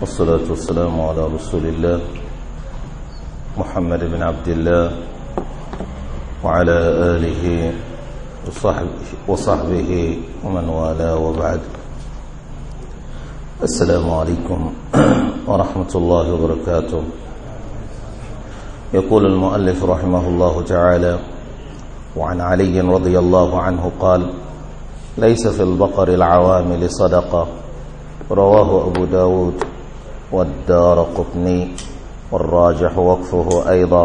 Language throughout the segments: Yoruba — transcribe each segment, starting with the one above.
والصلاة والسلام على رسول الله محمد بن عبد الله وعلى آله وصحبه وصحبه ومن والاه وبعد السلام عليكم ورحمة الله وبركاته يقول المؤلف رحمه الله تعالى وعن علي رضي الله عنه قال ليس في البقر العوامل صدقة رواه أبو داود والدار قطني والراجح وقفه أيضا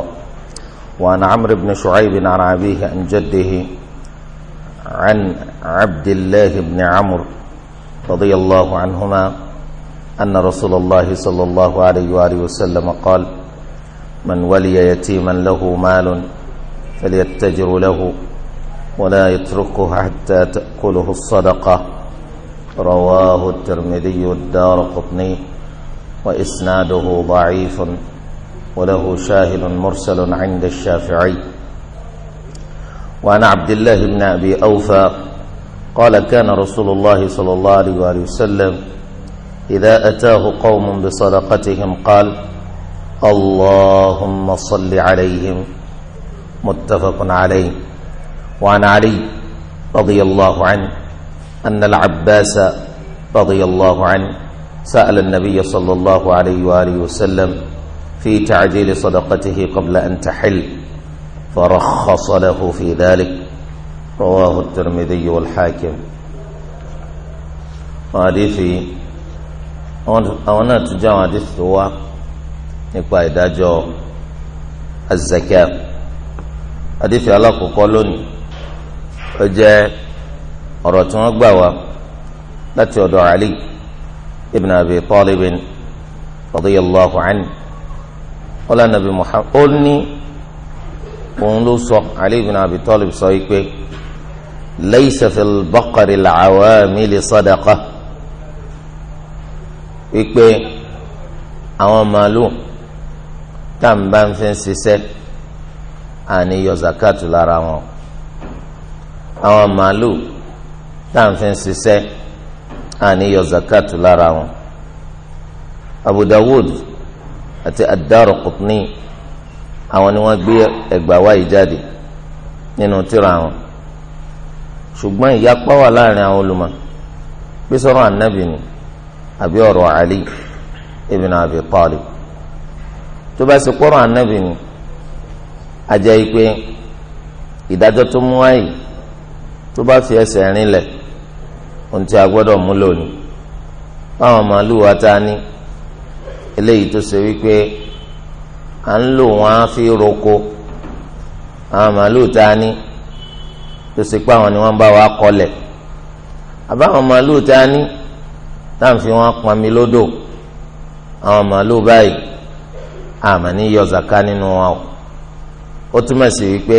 وعن عمرو بن شعيب عن أبيه عن جده عن عبد الله بن عمرو رضي الله عنهما أن رسول الله صلى الله عليه وآله وسلم قال من ولي يتيما له مال فليتجر له ولا يتركه حتى تأكله الصدقة رواه الترمذي الدار قطني وإسناده ضعيف وله شاهد مرسل عند الشافعي وعن عبد الله بن أبي أوفى قال كان رسول الله صلى الله عليه وسلم إذا أتاه قوم بصدقتهم قال اللهم صل عليهم متفق عليه وعن علي رضي الله عنه أن العباس رضي الله عنه سأل النبي صلى الله عليه وآله وسلم في تعجيل صدقته قبل أن تحل فرخص له في ذلك رواه الترمذي والحاكم حديثي أونا تجاه حديث هو نقوى إداجو الزكاة حديثي على قولون أجاه ọ̀rọ̀ tí لا gbà عليك ibn abi talibin radiyallahu anhu ọlá nàbí muhammad ó ní òun ló sọ ali ibn abi talib sọ yìí pé laysa fil baqari al-awamili sadaqa wípé àwọn màlúù tá n bá ń fi ṣiṣẹ́ àní yọ zakat lára wọn àwọn màlúù tá n fi ṣiṣẹ́ àní yọ zakat lára wọn Abu Dawud àti Ad-Daraqutni àwọn ni wọ́n gbé ẹgbà wáyé jáde nínú tírà wọn ṣùgbọ́n ìyapa wà láàrin àwọn olùmọ̀ pé sọ̀rọ̀ ànábì ni àbí ọ̀rọ̀ Ali ibn Abi Talib tó bá sì pọ̀rọ̀ ànábì ni àjẹ́ ìpè ìdájọ́ tó mú wáyé tó bá fi ẹsẹ̀ rinlẹ̀ ohun tí a gbọ́dọ̀ mú lónìí báwọn màálùú wa ta ni eléyìí tó ṣe wípé à ń lò wọn á fi roko àwọn màálùú ta ni tó ṣe pé àwọn ni wọ́n bá wa kọlẹ̀ àbáwọn màálùú ta ni táǹfì wọn pọnmi lódò àwọn màálùú báyìí àmà ní yọ zaka nínú wọn o ó túmọ̀ sí wípé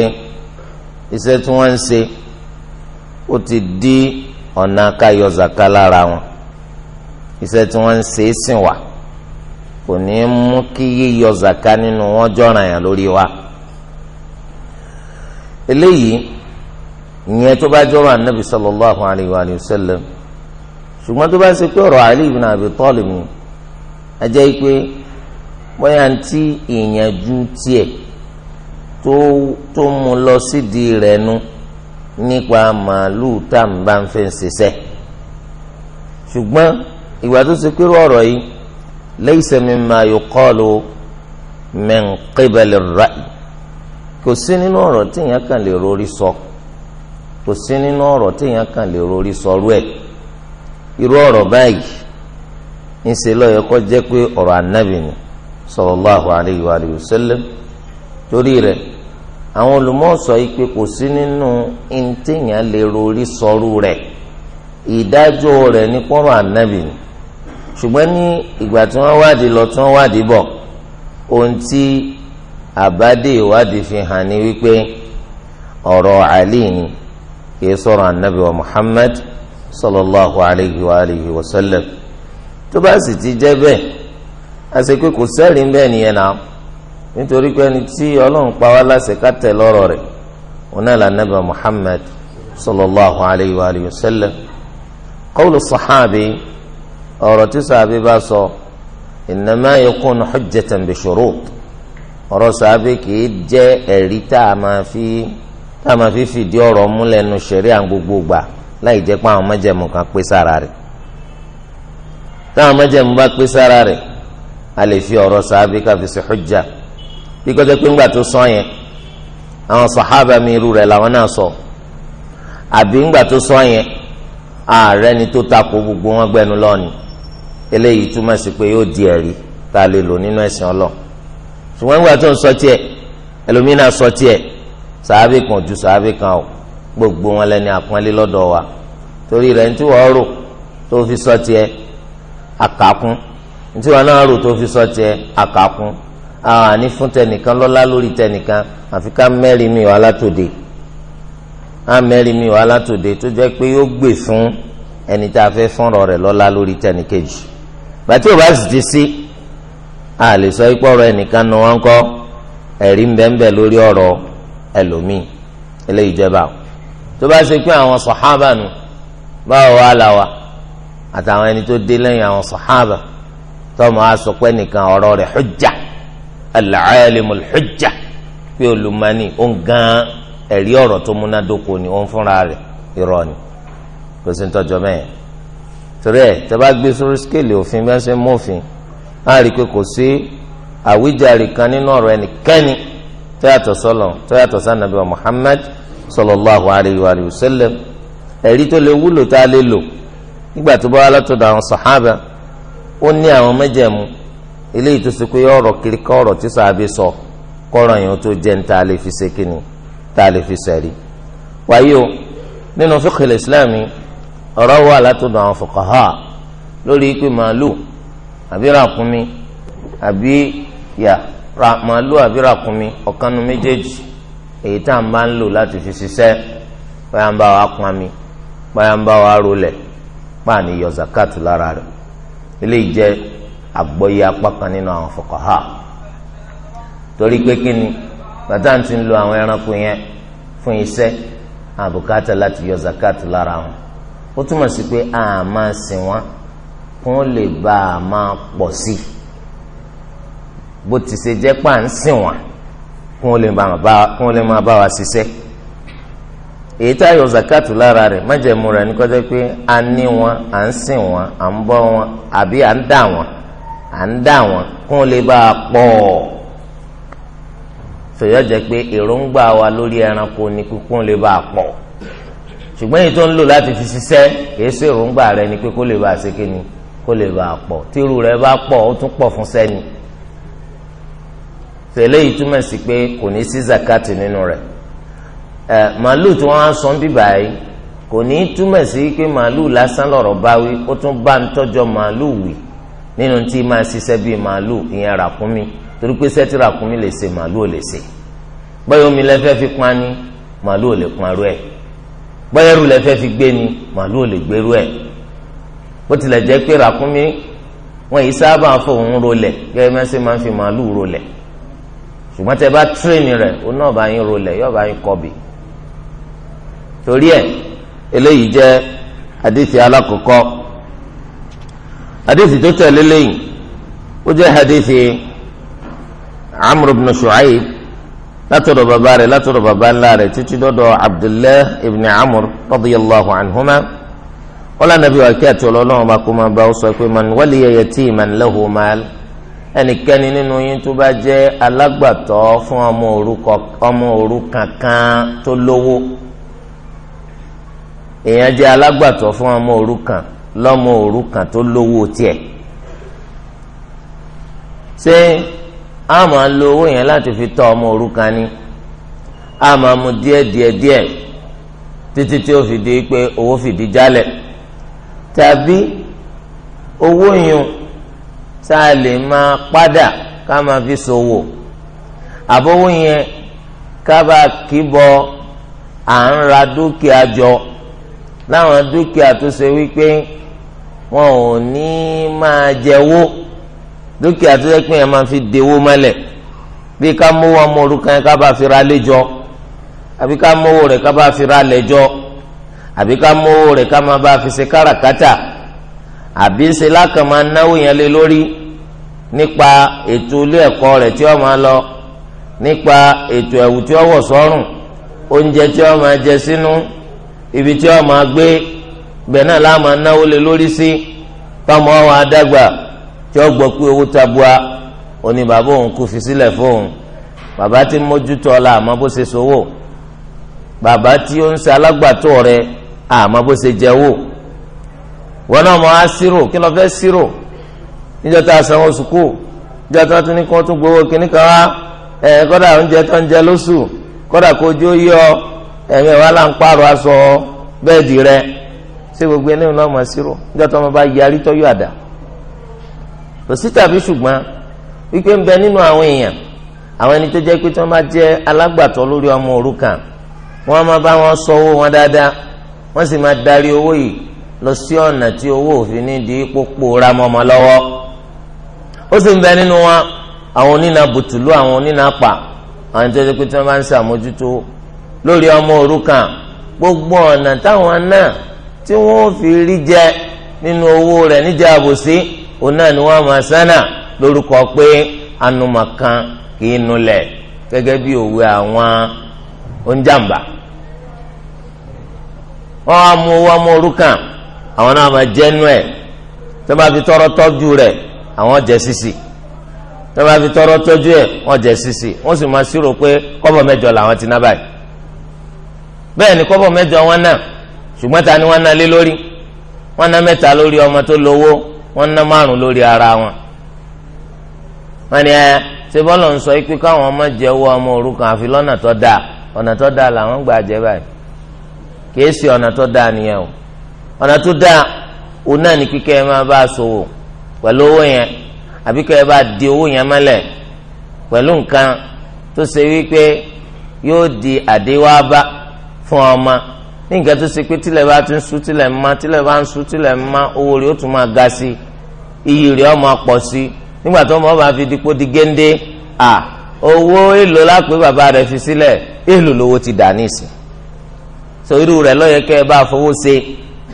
iṣẹ́ tí wọ́n ń ṣe ó ti di. ọ̀nà káyọ zaka lára wọn iṣẹ́ tí wọ́n ń ṣe é sìn wá kò ní í mú kí yíyọ zaka nínú wọn jọ̀ràn yàn lórí wa eléyìí ìyẹn tó bá jọ̀ràn Ànábì sallallahu alayhi wa sallam ṣùgbọ́n tó bá ṣe pé ọ̀rọ̀ Ali ibn Abi Talib tie a jẹ́ pé bóyá ń nípa màálùú tá à ń bá ń fẹ́ ṣiṣẹ́ ṣùgbọ́n ìwà tó ṣe pérò ọ̀rọ̀ yìí laysa mimma yuqalu min qibali ar-ra'y kò sí nínú ọ̀rọ̀ rori sọ kò sí nínú ọ̀rọ̀ téèyàn kàn lè rori sọ rú ẹ̀ irú ọ̀rọ̀ báyìí ńṣe jẹ́ pé ọ̀rọ̀ sallallahu wa torí rẹ̀ àwọn olùmọ̀ọ́sọ ipe kò sí nínú ntẹ̀yàn lè rori sọ̀rọ̀ rẹ̀ ìdájọ́ rẹ̀ ní pọ́nrọ́ ànábì ni ṣùgbọ́n ní ìgbà tí wọ́n wádìí lọ tí wọ́n wádìí bọ̀ ohun tí àbádé ìwádìí fi hàn ní wípé ọ̀rọ̀ Ali ni kìí sọ̀rọ̀ ànábì wa Muhammad sallallahu alayhi wa alihi wa sallam tó bá sì ti jẹ́ bẹ́ẹ̀ àṣekú kò sẹ́rìí bẹ́ẹ̀ nìyẹn náà nítorí pé ẹni tí ọlọ́run pa wá láṣẹ ká tẹ̀ lọ́rọ̀ rẹ̀ òun náà lànàbà Muhammad sallallahu alayhi wa alihi wa sallam qawlu sahabi ọ̀rọ̀ tí sahabi bá sọ innama yakunu hujjatan bi shurut ọ̀rọ̀ sahabi kìí jẹ́ ẹ̀rí tá a máa fi tá a máa fi fìdí ọ̀rọ̀ múlẹ̀ nu ṣẹ̀ríà gbogbo gbà láì jẹ́ pé àwọn májẹ̀mú kan pé sára rẹ̀ táwọn májẹ̀mú bá pé sára rẹ̀ a lè fi ọ̀rọ̀ sahabi ká fi ṣe hujja. bí pé ńgbà tó sọ yẹn àwọn sàhábà mi irú rẹ̀ làwọn náà sọ àbí ńgbà tó sọ yẹn ààrẹ ni tó takò gbogbo wọn gbẹnu lọ́ọ̀ni eléyìí túmọ̀ sí pé yóò di ẹ̀rí tá a lè lò nínú ẹ̀sìn ọlọ́ọ̀ ṣùgbọ́n ńgbà tó ń sọ tiẹ̀ ẹlòmínà sọ tiẹ̀ kan ju kan gbogbo wọn lẹni àpọ́nlé lọ́dọ̀ wa torí rẹ̀ ní wọ́n rò tó fi sọ tiẹ̀ àkàkùn fi sọ àwọn àní fún tẹnìkan lọ́lá lórí tẹnìkan àfi ká mẹ́rin mi wà látòde á mẹ́rin mi wà látòde tó jẹ́ pé yóò gbè fún ẹni tá a fẹ́ fọ́nrọ̀ rẹ̀ lọ́lá lórí tẹnìkejì bàtí ò bá sì ti sí a lè sọ ipò ọ̀rọ̀ ẹnìkan nu wọn kọ́ ẹ̀rí ń lórí ọ̀rọ̀ ẹlòmíì eléyìí jẹba tó bá ṣe pé àwọn sọ̀hábà nu báwo wà láwa àtàwọn ẹni tó dé lẹ́yìn àwọn sọ̀hábà tọ́mọ̀ á sọ pé nìkan ọ̀rọ̀ rẹ̀ hujja al-alimul hujja pé olùmọ̀ni ó ń gan ẹ̀rí ọ̀rọ̀ tó múnádóko ni ó ń fúnra rẹ̀ irọ́ ni kò sí ń tọ́jọ́ mẹ́yẹn torí ẹ̀ tẹ́ bá gbé sórí skéèlì òfin bí wọ́n ṣe mú òfin á rí i pé kò sí àwíjàre kan nínú ọ̀rọ̀ ẹnikẹ́ni tó yàtọ̀ sọ́lọ̀ tó yàtọ̀ sànàbí wa Muhammad sallallahu alayhi wa sallam ẹ̀rí tó lè wúlò tá a lè lò nígbà tó bá wà látọ̀dọ̀ àwọn sàhábà ó ní àwọn mẹ́jẹ̀mú Ile tó ṣe pé ọrọ kiri ọrọ tí sàbí sọ kọrọ yẹn tó jẹ ní ta lè fi ṣe kíni ta lè fi sẹrí. wáyé o nínú fíkìlì islámì ọ̀rọ̀ wà látọ̀dọ̀ àwọn fuqaha lórí pé màálù àbí ràkúnmí àbí yà màálù àbí ràkúnmí ọ̀kanu méjèèjì èyí tá à ń bá ń lò láti fi ṣiṣẹ́ báyà ń bá wa pọn mi báyà ń bá wa yọ zakatu lára rẹ̀ àgbọ́yé apá kan nínú àwọn fuqaha torí pé kí ni bàtà ti ń lo àwọn ẹranko yẹn fún iṣẹ́ àbùkátà láti yọ zakat lára wọn ó túmọ̀ sí pé a máa sìn wọn kó lè bá a máa pọ̀ sí bó ti ṣe jẹ́ pà ń sìn wọn kó lè máa bá wa ṣiṣẹ́ èyí tá a yọ zakatu lára rẹ̀ májẹ̀mú rẹ̀ ní kọjá pé a ní wọn à ń sìn wọn à ń bọ́ wọn àbí à ń dà wọn à ń dà wọn kún lè bá a pọ̀ sòyọ́ jẹ́ pé èròǹgbà wa lórí ẹranko ni kíkún lè bá a pọ̀ ṣùgbọ́n èyí tó ń lò láti fi ṣiṣẹ́ kìí ṣe èròǹgbà rẹ ni pé kó lè bá a ṣe kíni kó lè bá a pọ̀ tírú rẹ bá pọ̀ ó tún pọ̀ fún sẹ́ni tẹ̀lé yìí túmọ̀ sí pé kò ní sí zakati nínú rẹ̀ ẹ̀ màálù tí wọ́n á sọ ń bíbà kò ní túmọ̀ sí pé màálù lásán lọ̀rọ̀ báwí ó tún bá ń tọ́jọ́ màálù wì nínú tí máa ṣiṣẹ́ bíi màálù ìyẹn ràkúnmí torí pé sẹ́tì ràkúnmí lè ṣe màálù ò lè ṣe bọ́yá omi lẹ́fẹ́ fi pọn ni màálù ò lè pọn arú ẹ̀ bọ́yá ẹrù lẹ́fẹ́ fi gbé ni màálù ò lè gbérú ẹ̀ bó tilẹ̀ jẹ́ pé ràkúnmí wọn yìí sábà fòun rolẹ̀ gẹ́gẹ́ mẹ́sẹ̀ máa ń fi màálù rolẹ̀ ṣùgbọ́n tẹ bá tírèènì rẹ̀ ó náà bá yín rolẹ̀ yóò bá yín kọ̀bì torí ẹ̀ eléyìí jẹ́ àdìsí hadithi tó tẹ̀lé lẹ́yìn ó jẹ́ hadithi amr ibn shu'aib látọ̀dọ̀ bàbá rẹ̀ látọ̀dọ̀ bàbá ńlá rẹ̀ títí dọ́dọ̀ abdullah ibn amr radiyallahu anhuma wọ́n anabi wa kí àti ọlọ́lọ́wọ́n bá kó máa bá ọ sọ pé man waliya yatiman lahu mal ẹnikẹ́ni nínú yín tó bá jẹ́ alágbàtọ́ fún ọmọ òrukàn kan tó lówó èèyàn jẹ́ alágbàtọ́ fún ọmọ òrukàn lọ́mọ òrukàn tó lówó tiẹ̀ ṣé a máa lo owó yẹn láti fi tọ́ ọmọ òrukàn ni a máa mu díẹ̀ díẹ̀ díẹ̀ títí tí ó fi di pé owó fìdí jálẹ̀ tàbí owó yun tá a lè máa padà ká máa fi ṣòwò àbówó yẹn ká bá kí à ń ra dúkìá jọ láwọn dúkìá tó ṣe wípé wọn ò ní máa jẹwó dúkìá tó yẹ pé yẹn máa fi dewó mọ́lẹ̀ bí ká mówó ọmọ òrukàn yẹn ká bá fi ra lẹ́jọ́ àbí ká mówó rẹ̀ ká bá fi ra lẹ́jọ́ àbí ká mówó rẹ̀ ká máa bá fi ṣe káràkátà àbí ṣe lákàn máa náwó yẹn lé lórí nípa ètò ilé ẹ̀kọ́ rẹ̀ tí ó máa lọ nípa ètò ẹ̀wù tí ó wọ̀ sọ́rùn oúnjẹ tí ó máa jẹ sínú ibi tí ó máa gbé bẹ́ẹ̀ náà la máa náwó lé lórí sí táwọn àwọn adágbà tí ó gbọ́ pé owó tabua òní bàbá òun kò fi sílẹ̀ fóun bàbá tí mójútó ọ̀la àmọ́ bó ṣe sowó bàbá tí ó ń ṣe alágbàtọ́ rẹ àmọ́ bó ṣe jẹ́wọ́ wọn náà mọ̀ á sírò kí ló fẹ́ sírò níjọ́ tá a sanwó sùkúù níjọ́ tá a tún ní kí wọ́n tún gbowó kíní kan wá ẹ̀ kọ́dà oúnjẹ tó ń jẹ lóṣù kọ́dà kó yọ ẹ̀mí wa là ń pààrọ̀ aṣọ bẹ́ẹ̀dì rẹ̀ ṣé gbogbo eléyìí náà máa ṣírò nígbà tó wọn bá yarí tọ́jú àdá kò sí tàbí ṣùgbọ́n wípé ń bẹ nínú àwọn èèyàn àwọn ẹni tó jẹ́ pé tí wọ́n bá jẹ́ alágbàtọ́ lórí ọmọ òrukàn wọ́n máa bá wọn sọ owó wọn dáadáa wọ́n sì máa darí owó yìí lọ sí ọ̀nà tí owó òfin ní di pópó ra lọ́wọ́ ó sì ń bẹ nínú wọn àwọn onínà bùtùlù àwọn onínà pa àwọn ẹni tó jẹ́ pé tí wọ́n bá ń ṣàmójútó lórí ọmọ òrukàn gbogbo ọ̀nà táwọn náà tí wọ́n fi rí jẹ nínú owó rẹ̀ níjà àbòsí òun náà ni wọ́n máa sánà lórúkọ pé anumakan kì í nulẹ̀ gẹ́gẹ́ bí òwe àwọn oúnjàmbá wọ́n á mú owó ọmọ òrukàn àwọn náà máa jẹ́nu ẹ̀ tó bá fi tọrọ tọ́jú rẹ̀ àwọn jẹ́ sísì tó bá fi tọrọ tọ́jú ẹ̀ wọ́n jẹ́ sísì wọ́n sì máa ṣírò pé kọ́bọ̀ mẹ́jọ làwọn ti ná báyìí bẹ́ẹ̀ ni kọ́bọ̀ mẹ́jọ wọn náà ṣùgbọ́n ta ni wọ́n ná lé lórí wọ́n ná mẹ́ta lórí ọmọ tó lówó wọ́n ná márùn lórí ara wọn. wọ́n ní ẹ ṣe bọ́lọ̀ ń sọ pé káwọn ọmọ jẹ owó ọmọ òrukàn àfi lọ́nà tó dáa ọ̀nà tó dáa làwọn gbà jẹ báyìí kìí ṣe ọ̀nà tó dáa nìyẹn o ọ̀nà tó dáa òun náà ní kíkẹ́ ẹ máa bá a ṣòwò pẹ̀lú owó yẹn àbí kẹ́ ẹ bá di owó yẹn mọ́lẹ̀ pẹ̀lú nǹkan tó ṣe wípé yóò di àdéwábá fún ọmọ ní nǹkan tó ṣe pé tílẹ̀ bá ti ń sú tílẹ̀ ń ma tílẹ̀ bá ń sú tílẹ̀ ń má owó rẹ̀ ó tún máa ga sí iyì rẹ̀ ó máa pọ̀ sí nígbà tó ọmọ bá fi dipò di géńdé à owó èlò lápé bàbá rẹ̀ fi sílẹ̀ èlò lówó ti dà nísìn so irú rẹ̀ lọ́yẹ kẹ́ ẹ bá fowó ṣe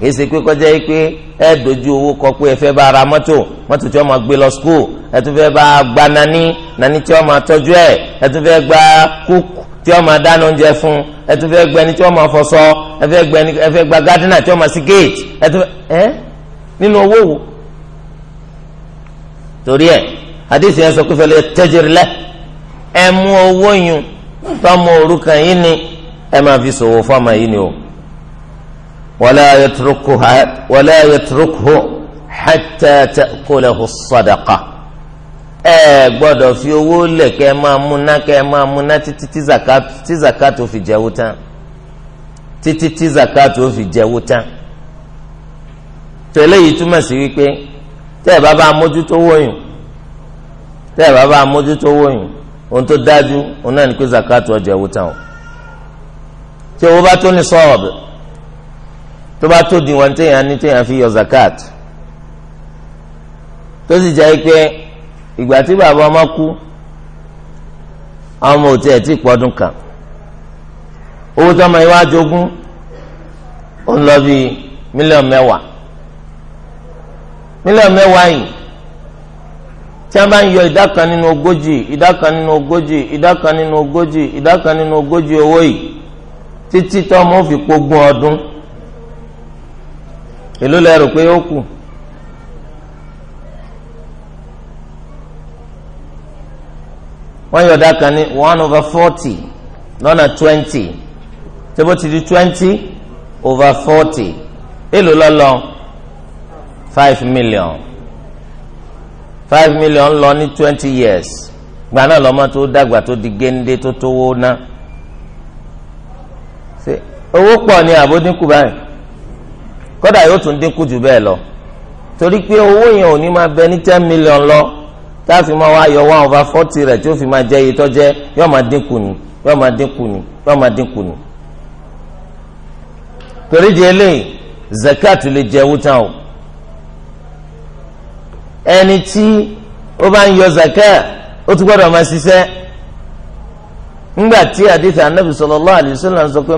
kì í ṣe pé kọjá yìí pé ẹ dojú owó kọ pé ẹ fẹ́ bá ra mọ́tò mọ́tò tí wọ́n máa gbé lọ skul ẹ tún fẹ́ bá gba nani nani tí wọ́n máa tọ́jú ẹ ẹ tún fẹ́ gba kúkú tí wọ́n máa dáná oúnjẹ fún ẹ tún fẹ́ gbẹni tí wọ́n máa fọṣọ ẹ fẹ́ gbẹni ẹ fẹ́ gba gádínà tí wọ́n máa sí géètì ẹ tún fẹ́ ẹ nínú owó wo. torí ẹ hadith yẹn sọ pé fẹlẹ tẹjẹrì lẹ ẹ mú owó yun tọmọ òrukàn yìí ni ẹ máa fi ṣòwò fọmọ yìí ni o. wala yatrukuhu hatta ta'kulahu sadaqa ẹ gbọ́dọ̀ fi owó lẹ̀ kẹ́ máa múná kẹ́ máa múná títí tí zakato fi jẹ́wó tán títí tí zakato fi jẹ́wó tán tẹ́lẹ̀ yìí túmọ̀ sí wípé tẹ́ ẹ bá bá mójútó wọ̀nyí tẹ́ ẹ bá bá mójútó wọ̀nyí ohun tó dájú òun náà ní pé zakato ó jẹ́wó tán o tí owó bá tó ní sọ́ọ̀bù tó bá tó di wọn téèyàn ní téèyàn fi yọ zakat tó sì jẹ́ pé. ìgbà tí bàbá ọmọ kú ọmọ òtí ẹ̀ tí ì pọ́dún kan owó tó ọmọ ìwà jogún ó ń lọ bí mílíọ̀nù mẹ́wàá mílíọ̀nù mẹ́wàá yìí tí a bá ń yọ ìdá kan nínú ogójì ìdá kan nínú ogójì ìdá kan nínú ogójì ìdá kan nínú ogójì owó yìí títí tó wọ́n yọ̀dá kan ní one over forty lọ́nà twenty tí bó ti di twenty over forty èlò lọ́lọ́ five million five million lọ ní twenty years gba náà lọ́mọ tó dàgbà tó di géńdé tó tówó ná owó pọ̀ ní àbódínkù báyìí kódà yóò tún dínkù jù bẹ́ẹ̀ lọ torí pé owó yẹn ò ní máa bẹ ní ten million lọ táàfin máa wá yọ one over forty rẹ̀ tí ó fi máa jẹ́ iye tó jẹ́ máa dínkù ni yóò máa máa torí di eléyìí zakat lè jẹ owó tán o ẹni tí ó bá ń yọ zakat ó ti gbọ́dọ̀ máa ṣiṣẹ́ ńgbà tí hadith anabi sallallahu alayhi wa sallam sọ pé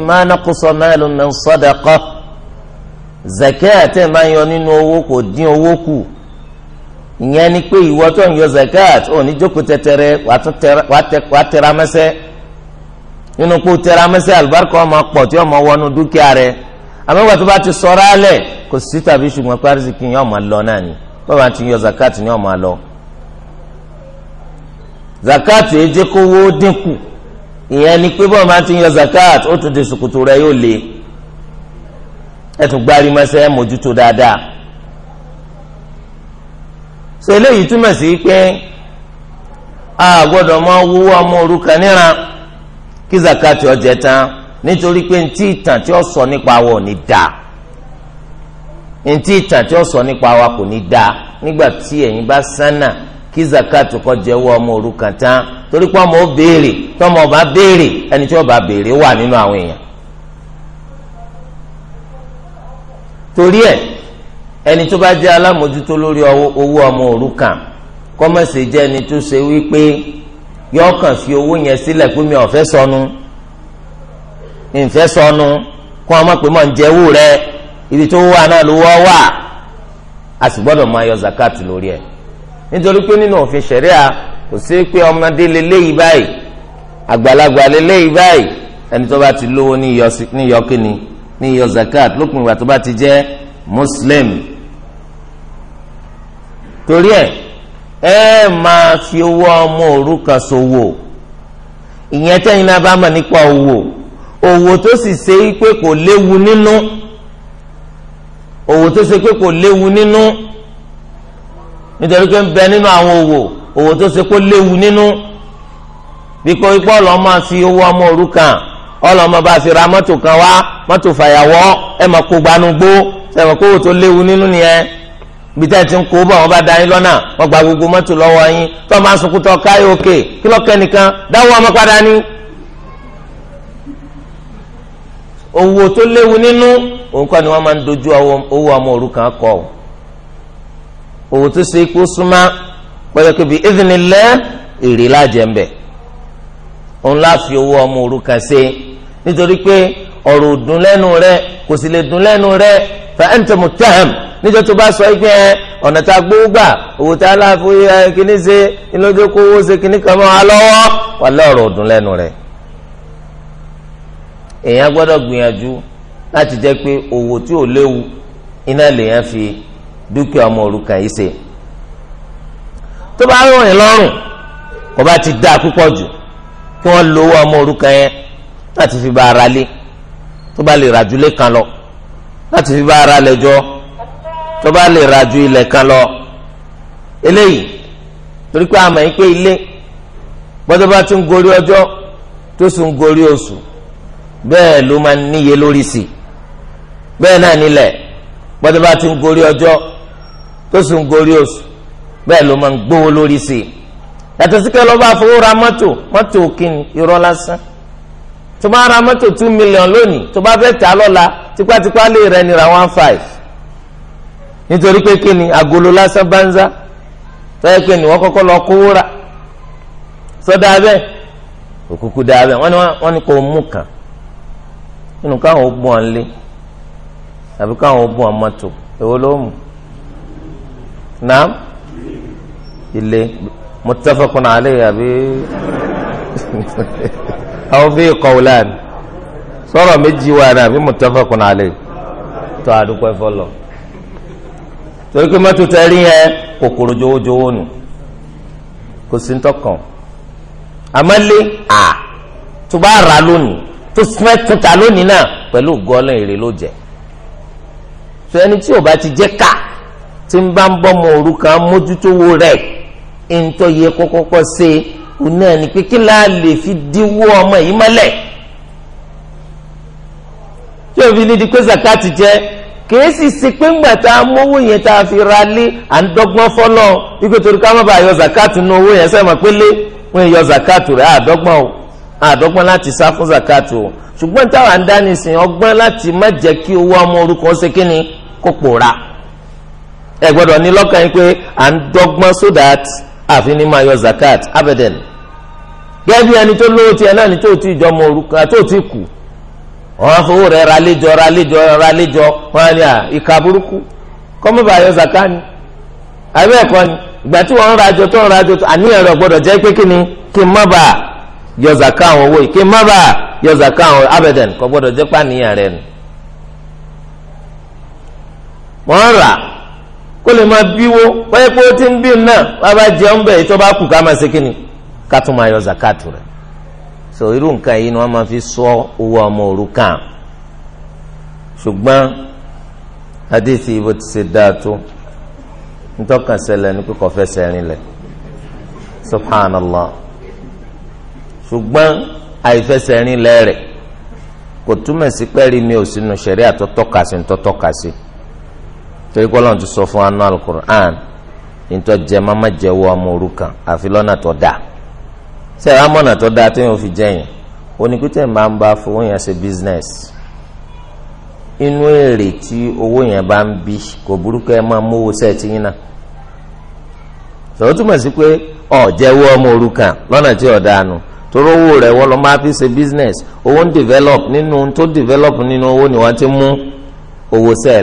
zakat máa ń yọ nínú owó kò dín owó ìyẹn ni pé ìwọ tó ń yọ zakat ò ní jókòó tẹtẹrẹ wàá tẹra mẹsẹ nínú kó tẹra mẹsẹ alibarika ọmọ pọ tí ọmọ wọnú dúkìá rẹ àmọ́gbà tó bá ti sọ̀rọ̀ alẹ̀ kò sí tàbí ṣùgbọ́n paris kì ọmọ lọ náà ni bàbá ti yọ zakat ní ọmọ lọ zakat yìí jẹ́ kówó dínkù ìyẹn ni pé bàbá ti yọ zakat ó tún di ṣòkòtò rẹ yóò le ẹ tún gbárí mẹsẹ mójútó dáadáa so eléyìí túmọ̀ sí pé a gbọ́dọ̀ máa wúwo ọmọ òrukàn níran kí zakati ọjẹ tán nítorí pé ntí ìtàn tí ó sọ nípa wa ò ní da ntí ìtàn tí ó sọ nípa wa kò ní da nígbà tí ẹ̀yin bá sánà kí zakati kọ́ jẹ́ wọ ọmọ òrukàn tán torí pé ọmọ ó béèrè tọmọ ọba béèrè ẹni tí ọba béèrè wà nínú àwọn èèyàn torí ẹ̀ ẹni tó bá jẹ́ alámòjútó lórí owó ọmọ òrukàn kọ́mọ̀sì jẹ́ ẹni tó ṣe wípé yóò kàn fi owó yẹn sílẹ̀ pé mi ò fẹ́ sọnù ìfẹ́ sọnù kó ọmọ pé mọ̀ ń jẹ́ owó rẹ ibi tó wà náà ló wọ́ wà a sì gbọ́dọ̀ máa yọ zakat lórí ẹ̀ nítorí pé nínú òfin ṣẹ̀ríà kò sí pé ọmọdé lélẹ́yìí báyìí àgbàlagbà lélẹ́yìí báyìí ẹni tó bá ti lówó ní yọ ní yọ zakat lópin ìgbà tó bá ti jẹ́ muslim torí ẹ ẹ máa fi owó ọmọ òrukàn ṣòwò ìyẹn tẹ́yìn náà bá mọ̀ nípa owó owó tó sì ṣe pé kò léwu nínú owó tó ṣe pé kò léwu nínú nítorí pé ń bẹ nínú àwọn owó owó tó ṣe kó léwu nínú bíkọ́ ipò ọlọ́mọ fi owó ọmọ òrukàn bá fi ra kan wá kó gbanú gbó kó owó tó léwu nínú nìyẹn ibi ti ń kó bọ̀ wọ́n bá da yín gba gbogbo mọ́tò lọ́wọ́ yín tó o máa sunkún tó òkè kí lọ́kẹ́ nìkan dáwọ́ ọmọ padà ní. owó tó léwu nínú òun ni wọ́n máa ń dojú owó ọmọ òrukàn kọ́ ọ owó tó ṣe ikú súnmá pẹ̀lẹ́kẹ́ bíi ìdìnnilẹ́ èrè lájẹ̀ ń bẹ̀ owó ọmọ òrukàn níjọ́ tó bá sọ pé ẹ ọ̀nà tá a gbówó gbà owó tá a láàfo ẹ kíní ṣe ìlójú kówó ṣe kíní kan mọ́ a lọ́wọ́ wà lọ́rọ̀ ọ̀dùn lẹ́nu rẹ̀ èèyàn gbọ́dọ̀ gbìyànjú láti jẹ́ pé owó tí ò léwu iná lèèyàn fi dúkìá ọmọ òrukàn yìí ṣe tó bá rọ̀ yín lọ́rùn kò bá ti dáa púpọ̀ jù kí wọ́n lo owó ọmọ òrukàn yẹn láti fi bá ara lé tó bá lè ràjúlé kan lọ láti fi bá ara lẹ́jọ́ tó bá lè ra ju ilẹ̀ kan lọ eléyìí torí pé àmọ̀ yín pé ilé gbọ́dọ̀ bá tún gorí ọjọ́ tó sì ń gorí oṣù bẹ́ẹ̀ ló máa níye lórí sí i bẹ́ẹ̀ náà nílẹ̀ gbọ́dọ̀ bá tún gorí ọjọ́ tó sì ń gorí oṣù bẹ́ẹ̀ ló máa ń gbówó lórí sí i yàtọ̀ sí kẹ́lọ́ bá fowó ra mọ́tò mọ́tò kìíní irọ́ lásán tó bá ra mọ́tò two million lónìí tó bá fẹ́ tà lọ́la tipátipá lè rẹ ní ra one five nítorí pé kí ni agolo lásán bánzá sọ́yẹ́ pé ni wọ́n kọ́kọ́ lọ kówó rà sọ́dà abẹ́ òkùnkùn dà abẹ́ wọ́n ni wọ́n ni kò mú kàn nínú káwọn ó bọ̀ lé àbí káwọn ó bọ̀ mọ́tò èwo ló mú naam ilé muttafaqun alayhi àbí àwọn fi qawlan sọ̀rọ̀ méjì wà ní àbí muttafaqun alayhi tó àdúpẹ́ fọlọ́ torí pé mọ́tò tẹ rí yẹn kòkòrò jowójowó nù kò sí ntọ́kàn àmọ́ lé à tó bá rà lónìí tó fẹ́ kúta lónìí náà pẹ̀lú gọ́ọ̀lẹ̀ èrè ló jẹ sọ ẹni tí ò bá ti jẹ́ ká tí ń bá ń bọ́ ọmọ òrukàn mójútówó rẹ̀ ntọ́ yẹ kọ́kọ́kọ́ ṣe òun náà ni láà lè fi díwọ́ ọmọ yìí mọ́lẹ̀ tí òfin ni di pé zakati jẹ́ kìí sì ṣe pé ńgbà tá a mówó yẹn tá a fi ra lé à ń dọ́gbọ́n fọ́lọ́ wípé torí ká má bàa yọ zakatu nu owó yẹn sẹ́wọ̀n pélé wọ́n yọ zakatu rẹ̀ àdọ́gbọ́n o àdọ́gbọ́n láti sá fún zakatu o ṣùgbọ́n táwa ń dání sìn ọgbọ́n láti má jẹ́ kí owó ọmọ orúkọ ṣe kí ni kó pòórá ẹ gbọ́dọ̀ ní lọ́kàn yín pé à ń dọ́gbọ́n so that àfi ní máa yọ zakat abẹ́dẹ̀n gẹ́gẹ́ bí ẹni tó lówó tiẹ̀ náà ni tó wọn fowó rẹ ralẹjọ ralẹjọ ralẹjọ wọn ni à ìka burúkú kọmọba ayọ zaka ni àbí ẹkọ ni ìgbà tí wọn ń rajọ tó ń rajọ tó àníyàn rẹ gbọ́dọ̀ jẹ́ pé kí ni kí n má bà yọ zaka àwọn owó yìí kí n má bà yọ zaka àwọn abẹdẹn kò gbọ́dọ̀ jẹ́ pé àníyàn rẹ ni. wọn rà kó lè máa bíwó wáyé pé ó ti ń bí náà wọn bá jẹun bẹ́ẹ̀ tó bá kù ká máa ṣe kí ni ká tún máa yọ zaka tù rẹ so irú nǹkan yìí ni wọ́n máa fi sọ owó ọmọ òrukàn ṣùgbọ́n hadithi ibo ti ṣe dáa tó ntọ́kàn ṣẹlẹ̀ ní kíkọ́ fẹsẹ̀ rinlẹ̀ subhanallah ṣùgbọ́n àìfẹsẹ̀ rinlẹ̀ rẹ̀ kò túmọ̀ sí pẹ́ẹ́rì mi ò sínú ṣẹ̀rí àtọ́tọ́ka sí ntọ́tọ́ka sí torí kọ́ lọ́n ti sọ fún anú alukur'an ntọ́jẹ́ mama ọmọ òrukàn àfi lọ́nà tó dáa ṣe àmọ́nà tó da tó yẹn fi jẹyìn oníkútẹ̀ máa ń bá fowó yẹn ṣe business inú èrè tí owó yẹn bá ń bí kò burúkú ẹ máa mówó sẹ́ẹ̀tì yín náà sọ̀rọ̀ túmọ̀ sí pé ọmọ òrukàn lọ́nà tí ọ̀dà nù torí owó rẹ̀ wọ́n lọ fi ṣe business owó ń develop nínú tó develop nínú owó ni wọ́n ti mú owó sẹ́ẹ̀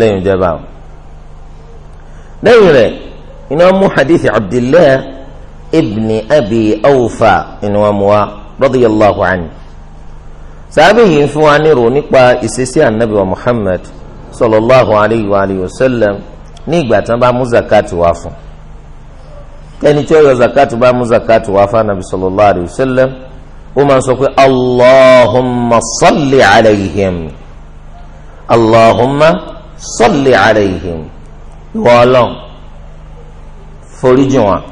rẹ̀ jẹba o lẹ́yìn rẹ̀ iná ibni abi awfa inuwamuwa radiyallahu anhu sàbẹ̀ yìí ń fún wa nírò nípa ìṣesí anabi wa muhammad sallallahu alayhi wa alayhi wa sallam ní ìgbà tán bá mú zakati wá fún ẹni tí ó yọ zakati bá mú zakati wá fún anabi sallallahu alayhi wa sallam ó máa ń sọ pé allahumma salli alayhim allahumma salli alayhim ìwọ ọlọ́run foríjì wọn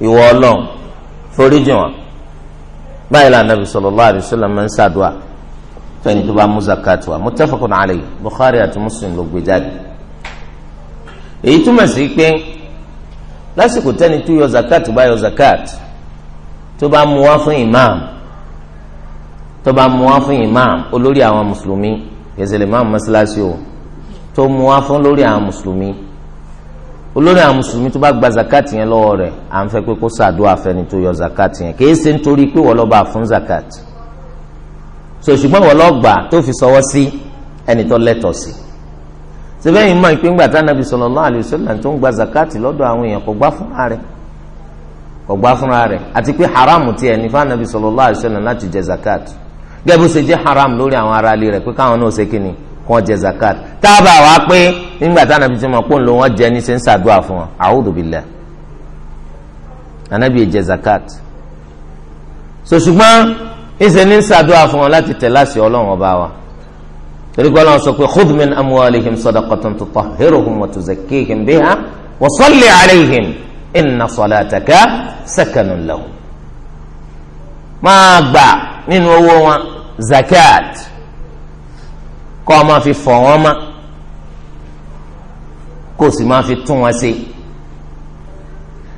ìwọ ọlọ́run foríjì wọn báyìí la nabi sallallahu alayhi wa sallam máa ń ṣàdúà fẹ́ni tó bá mú zakat wa muttafaqun alayhi bukhari àti muslim ló gbé jáde èyí túmọ̀ sí pé lásìkò tẹ́ni tó yọ zakat bá yọ zakat tó bá mú wá fún imam tó bá mú wá fún imam olórí àwọn mùsùlùmí yẹsẹ̀ lè má mọ́sálásí o tó mú wá fún lórí àwọn mùsùlùmí olórí àwọn mùsùlùmí tó bá gba zakati yẹn lọwọ rẹ à ń fẹ́ pé kó ṣàdúrà fẹ́ni tó yọ zakati yẹn kìí ṣe nítorí pé wọ́n lọ zakati so ṣùgbọ́n wọ́n lọ gbà tó fi sọwọ́ sí ẹni tó lẹ́tọ̀ọ́ sí sẹ́fẹ̀yìn mọ̀ ìpín gbà tá nàbì gba zakati lọ́dọ̀ àwọn èèyàn kò gbà fúnra rẹ̀ kò fúnra rẹ̀ àti pé haramu zakati bó ṣe haram lórí àwọn rẹ̀ pé káwọn náà ṣe kọ́ jẹ zakat tábà wá pé nígbà tí anabi ti mọ̀ pé òǹlò wọn jẹ ní ṣe ń ṣàdúrà fún wọn a'udhu billah anabi jẹ zakat so ṣùgbọ́n ìṣe ní ń ṣàdúrà fún wọn láti tẹ̀ láṣẹ ọlọ́run ọba wa torí pé ọlọ́run sọ pé khudh min amwalihim sadaqatan tutahhiruhum wa tuzakkihim biha wa salli alayhim inna salataka sakanun lahum máa gbà nínú owó wọn zakat kọ́ ọ máa fi fọ̀ wọ́n mọ́ kó o sì máa fi tún wọn ṣe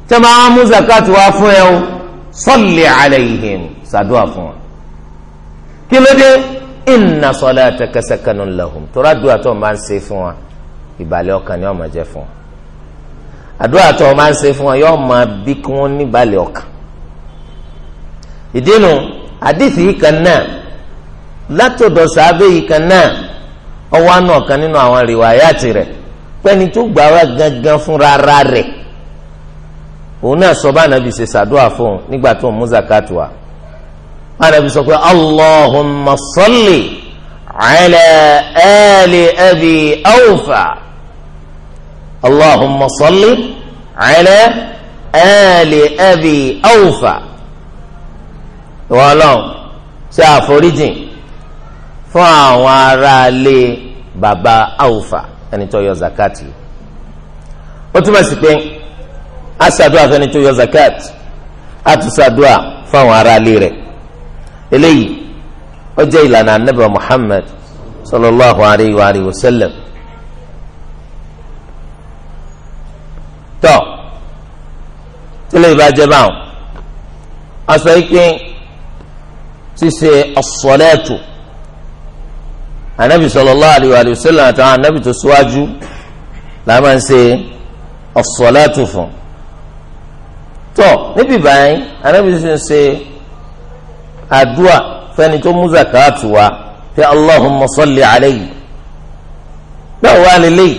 tẹ́ máa mú zakati wá fún ẹ o salli alayhim ṣàdúrà fún wọn kí ló dé inna salataka sakanun lahum tóra dùn àtọ́ máa ń ṣe fún wa ìbàlẹ̀ ọkàn ni wọ́n máa jẹ́ fún wa àdúrà tó o máa ń ṣe fún wa yóò máa bí kí wọ́n ní ìbàlẹ̀ ọkàn ìdínú àdìsí yìí kan náà látọ̀dọ̀ sàábé yìí kan náà ọwọ́ àna ọ̀kan nínú àwọn rìwáyàtì rẹ̀ pẹ́ni tó gbà wá gangan fúnra rẹ̀ òun náà sọ bá anabi ṣe ṣàdúrà fún un nígbà tó ń mú zakatu wa anabi sọ pé allahumma salli ala ali abi awfa allahumma salli ala ali abi awfa ìwọ ọlọ́run ṣe àforíjìn fún àwọn aráalé baba awufa ẹni tó yọ zakati ó túmọ̀ sí pé aṣàdúrà fẹ́ni tó yọ zakati àtúnṣàdúrà fún àwọn aráalé rẹ̀ eléyìí ó jẹ́ ìlànà anabi muhammad sallallahu alayhi wa alihi wa sallam tọ́ tílé ìbàjẹ́ báwọn aṣọ ike ṣíṣe as anabi sallallahu alayhi wa sallam àtàwọn anabi tó síwájú la máa ń ṣe as-salatu fún tó níbi báyìí anabi sì ń ṣe àdúà fẹni tó mú zakatu wa fi allahumma salli alayhi báwo wá lélẹ̀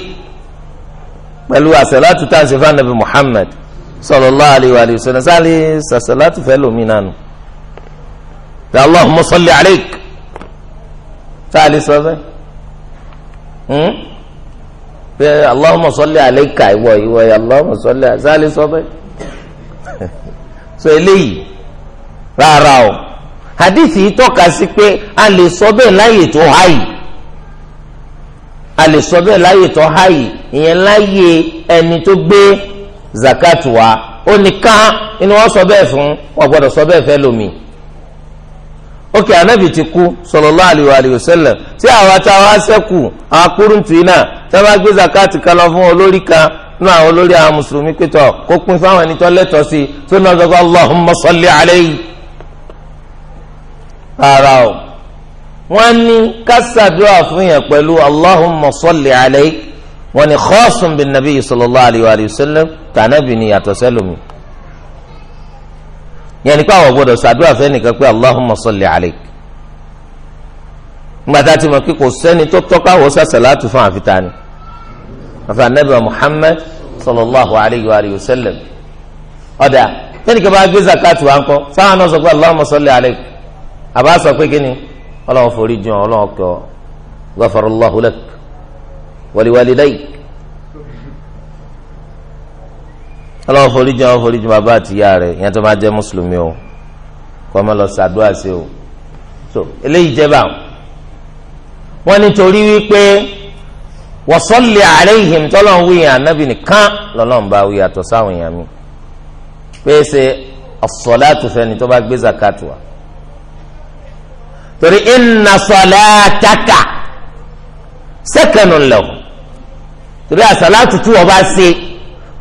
pẹ̀lú as-salatu tá a ṣe fún anabi muhammad sallallahu alayhi wa sallam sálẹ̀ as-salatu fẹ́ fi allahumma salli alayhi tá a lè sọ bẹ́ẹ̀ hmm? pé Allahumma salli alayka ìwọ ìwọ yìí Allahumma salli tá a lè sọ bẹ́ẹ̀ so eléyìí rárá o hadith yìí tọ́ka sí pé a lè sọ bẹ́ẹ̀ láyè tó háyì a lè sọ bẹ́ẹ̀ láyè tó háyì ìyẹn láyè ẹni tó gbé zakat wa ó nìkan inú wọn sọ bẹ́ẹ̀ fún wọn gbọ́dọ̀ sọ bẹ́ẹ̀ fẹ́ lómi ókè anabi ti kú sallallahu alayhi wa sallam tí àwa tá a wá sẹ́kù àwọn akúrúntù yìí náà tí wọ́n bá gbé zakati kan lọ fún olórí kan nínú àwọn olórí àwọn mùsùlùmí pétọ́ kó pin fáwọn ẹni tó lẹ́tọ̀ọ́ sí tó náà sọ pé allahumma salli alayhi. rárá o wọ́n ní kásádùá fún yẹn pẹ̀lú allahumma salli alayhi wọ́n ní khọ́ọ̀sùn bin nabi sallallahu alayhi wa sallam tànàbì ni yàtọ̀ sẹ́lómi yẹn ni pé àwọn gbọdọ̀ sàdúrà fẹ́ nìkan pé Allahumma salli alayk gbàtà tí mo kí kò sẹ́ni tó tọ́ka wò sàṣẹ láti fún àfitá ni àfi anabi Muhammad sallallahu alayhi wa alihi wa sallam ọ̀dà tẹ́nìkan bá gbé zakati wa ń kọ́ sáwọn náà sọ pé Allahumma salli alayk àbá sọ pé kíni ọlọ́wọ́ forí jùn ọlọ́wọ́ kọ́ ghafarallahu lak wa liwalidayk. ọlọ́wọ́ foríjì ọlọ́wọ́ foríjì bàbá àtìyá rẹ̀ ìyẹn tó bá jẹ́ mùsùlùmí o kọ́ ọmọ lọ sàdúrà sí o so eléyìí jẹ́ báwọn. wọ́n nítorí wípé wọ́sọ́lẹ̀ àlẹ́yìn tọ́lọ́n wíyàn anábì nìkan lọ́lọ́n bá wíyàn àtọ̀ sáwọn èèyàn mi pèsè as-salatu fẹ́ni tó bá gbé zakatu wa torí inna salataka sakanun lahu torí as-salatu tí wọ́n ṣe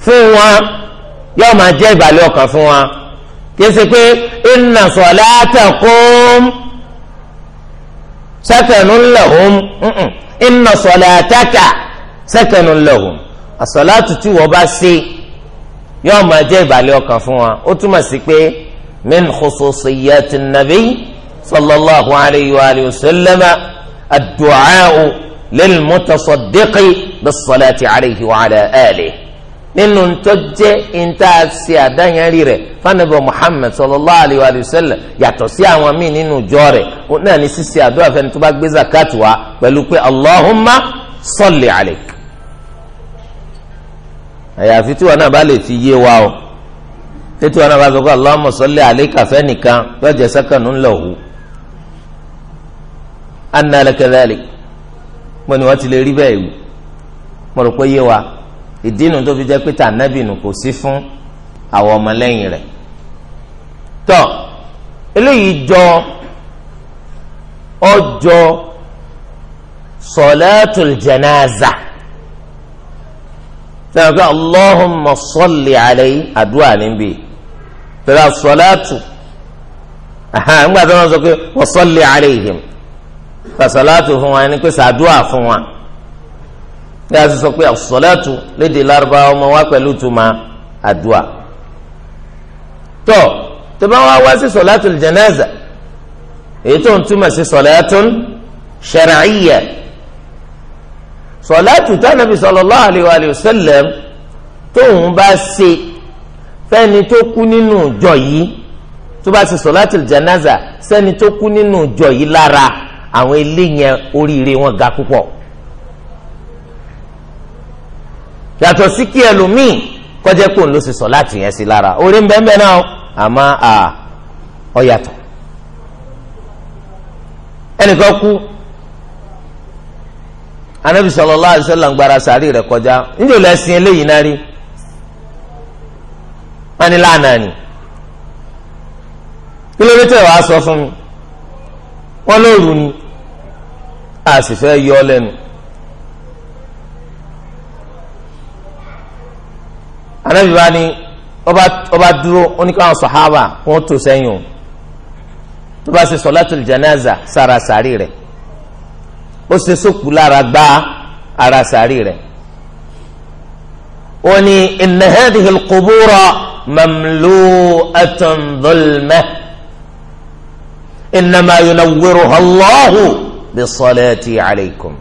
fún wọn yóò máa jẹ́ ìbàlẹ̀ ọkàn fún wa kése pé inna salatakum sakanun lahum inna salataka sakanun lahum àsọ̀látù tí wọ́n bá ṣe yóò máa jẹ́ ìbàlẹ̀ ọkàn fún wa ó túmọ̀ sí pé min khususiyyati nabi sallallahu alayhi wa alihi wa sallam ad lil mutasaddiqi bis salati alayhi wa ala nínú ntọ́jẹ́ ntaasi àdáyẹnrí rẹ̀ fanabu muhammed sallallahu alayhi wa sallam yàtọ̀ sí àwọn míì nínú ìjọ rẹ̀ náà ní sísè àdúrà fẹ́ni tó bá gbé zakat wá pẹ̀lú pé allahumma salli alayk. àyàfi tí wọn náà bá lè ti yé wa o tètè wọn náà bá sọ pé allahumma salli alayk àfẹ́ nìkan yóò sẹ́kànnù ńlọ̀hù. anna laka dhalik mo ni wọ́n ti lè rí bẹ́ẹ̀ wù mo rò pé yé wa ìdínú tó fi jẹ́ pé tànàbì nù kò sí fún àwọn ọmọlẹ́yìn rẹ̀ tọ́ eléyìí jọ ọjọ́ sọlẹ́tul jẹnáza sẹ́wọ̀n pé allahumma sọ́lì àlẹ́ àdúrà níbi tẹ̀lé sọlẹ́tù nígbà tí wọ́n sọ pé wọ́n sọ́lì àlẹ́ yìí sọ̀sọ̀lẹ́tù fún wa ẹni pé sàdúrà fún wa ní a ti sọ pé as-salatu lédè lárúbáwá ọmọ wa pẹ̀lú tuma àdúà tó tó bá wá wá sí sọ̀látùl janaza èyí tó ń túmọ̀ sí sọ̀látùn shar'iyya sọ̀látù tánàbí sallallahu alayhi wa alihi wa sallam tóun bá ṣe fẹ́ni tó kú nínú ìjọ yìí tó bá ṣe sọ̀látùl janaza sẹ́ni tó kú nínú ìjọ yìí lára àwọn eléyẹn oríire wọn ga púpọ̀ yàtọ̀ sí kí ẹlòmíì kọjá kó ń lọ sí sọ̀láàtì yẹn sí lára orí bẹ́ẹ̀ náà àmọ́ à ọ yàtọ̀ ẹnìkan kú anabi sallallahu alaihi wasallam gbara sàárì rẹ̀ kọjá níjẹ́ olè sin eléyìí náà rí wọn ni kí ló dé tẹ̀ wàá sọ fún mi wọn lóru ni a sì fẹ́ yọ ọ lẹ́nu. anabi bá ní ọba dúró oníkàwọn sọhábà kó tó sẹ́yìn o tó bá ṣe sọlátùl janaza sára sàárì rẹ̀ ó ṣe sókù lára gbá ara sàárì rẹ̀ ó ní inna hadhihi al-qubura mamlu'atun dhulma innama Allahu bisalati alaykum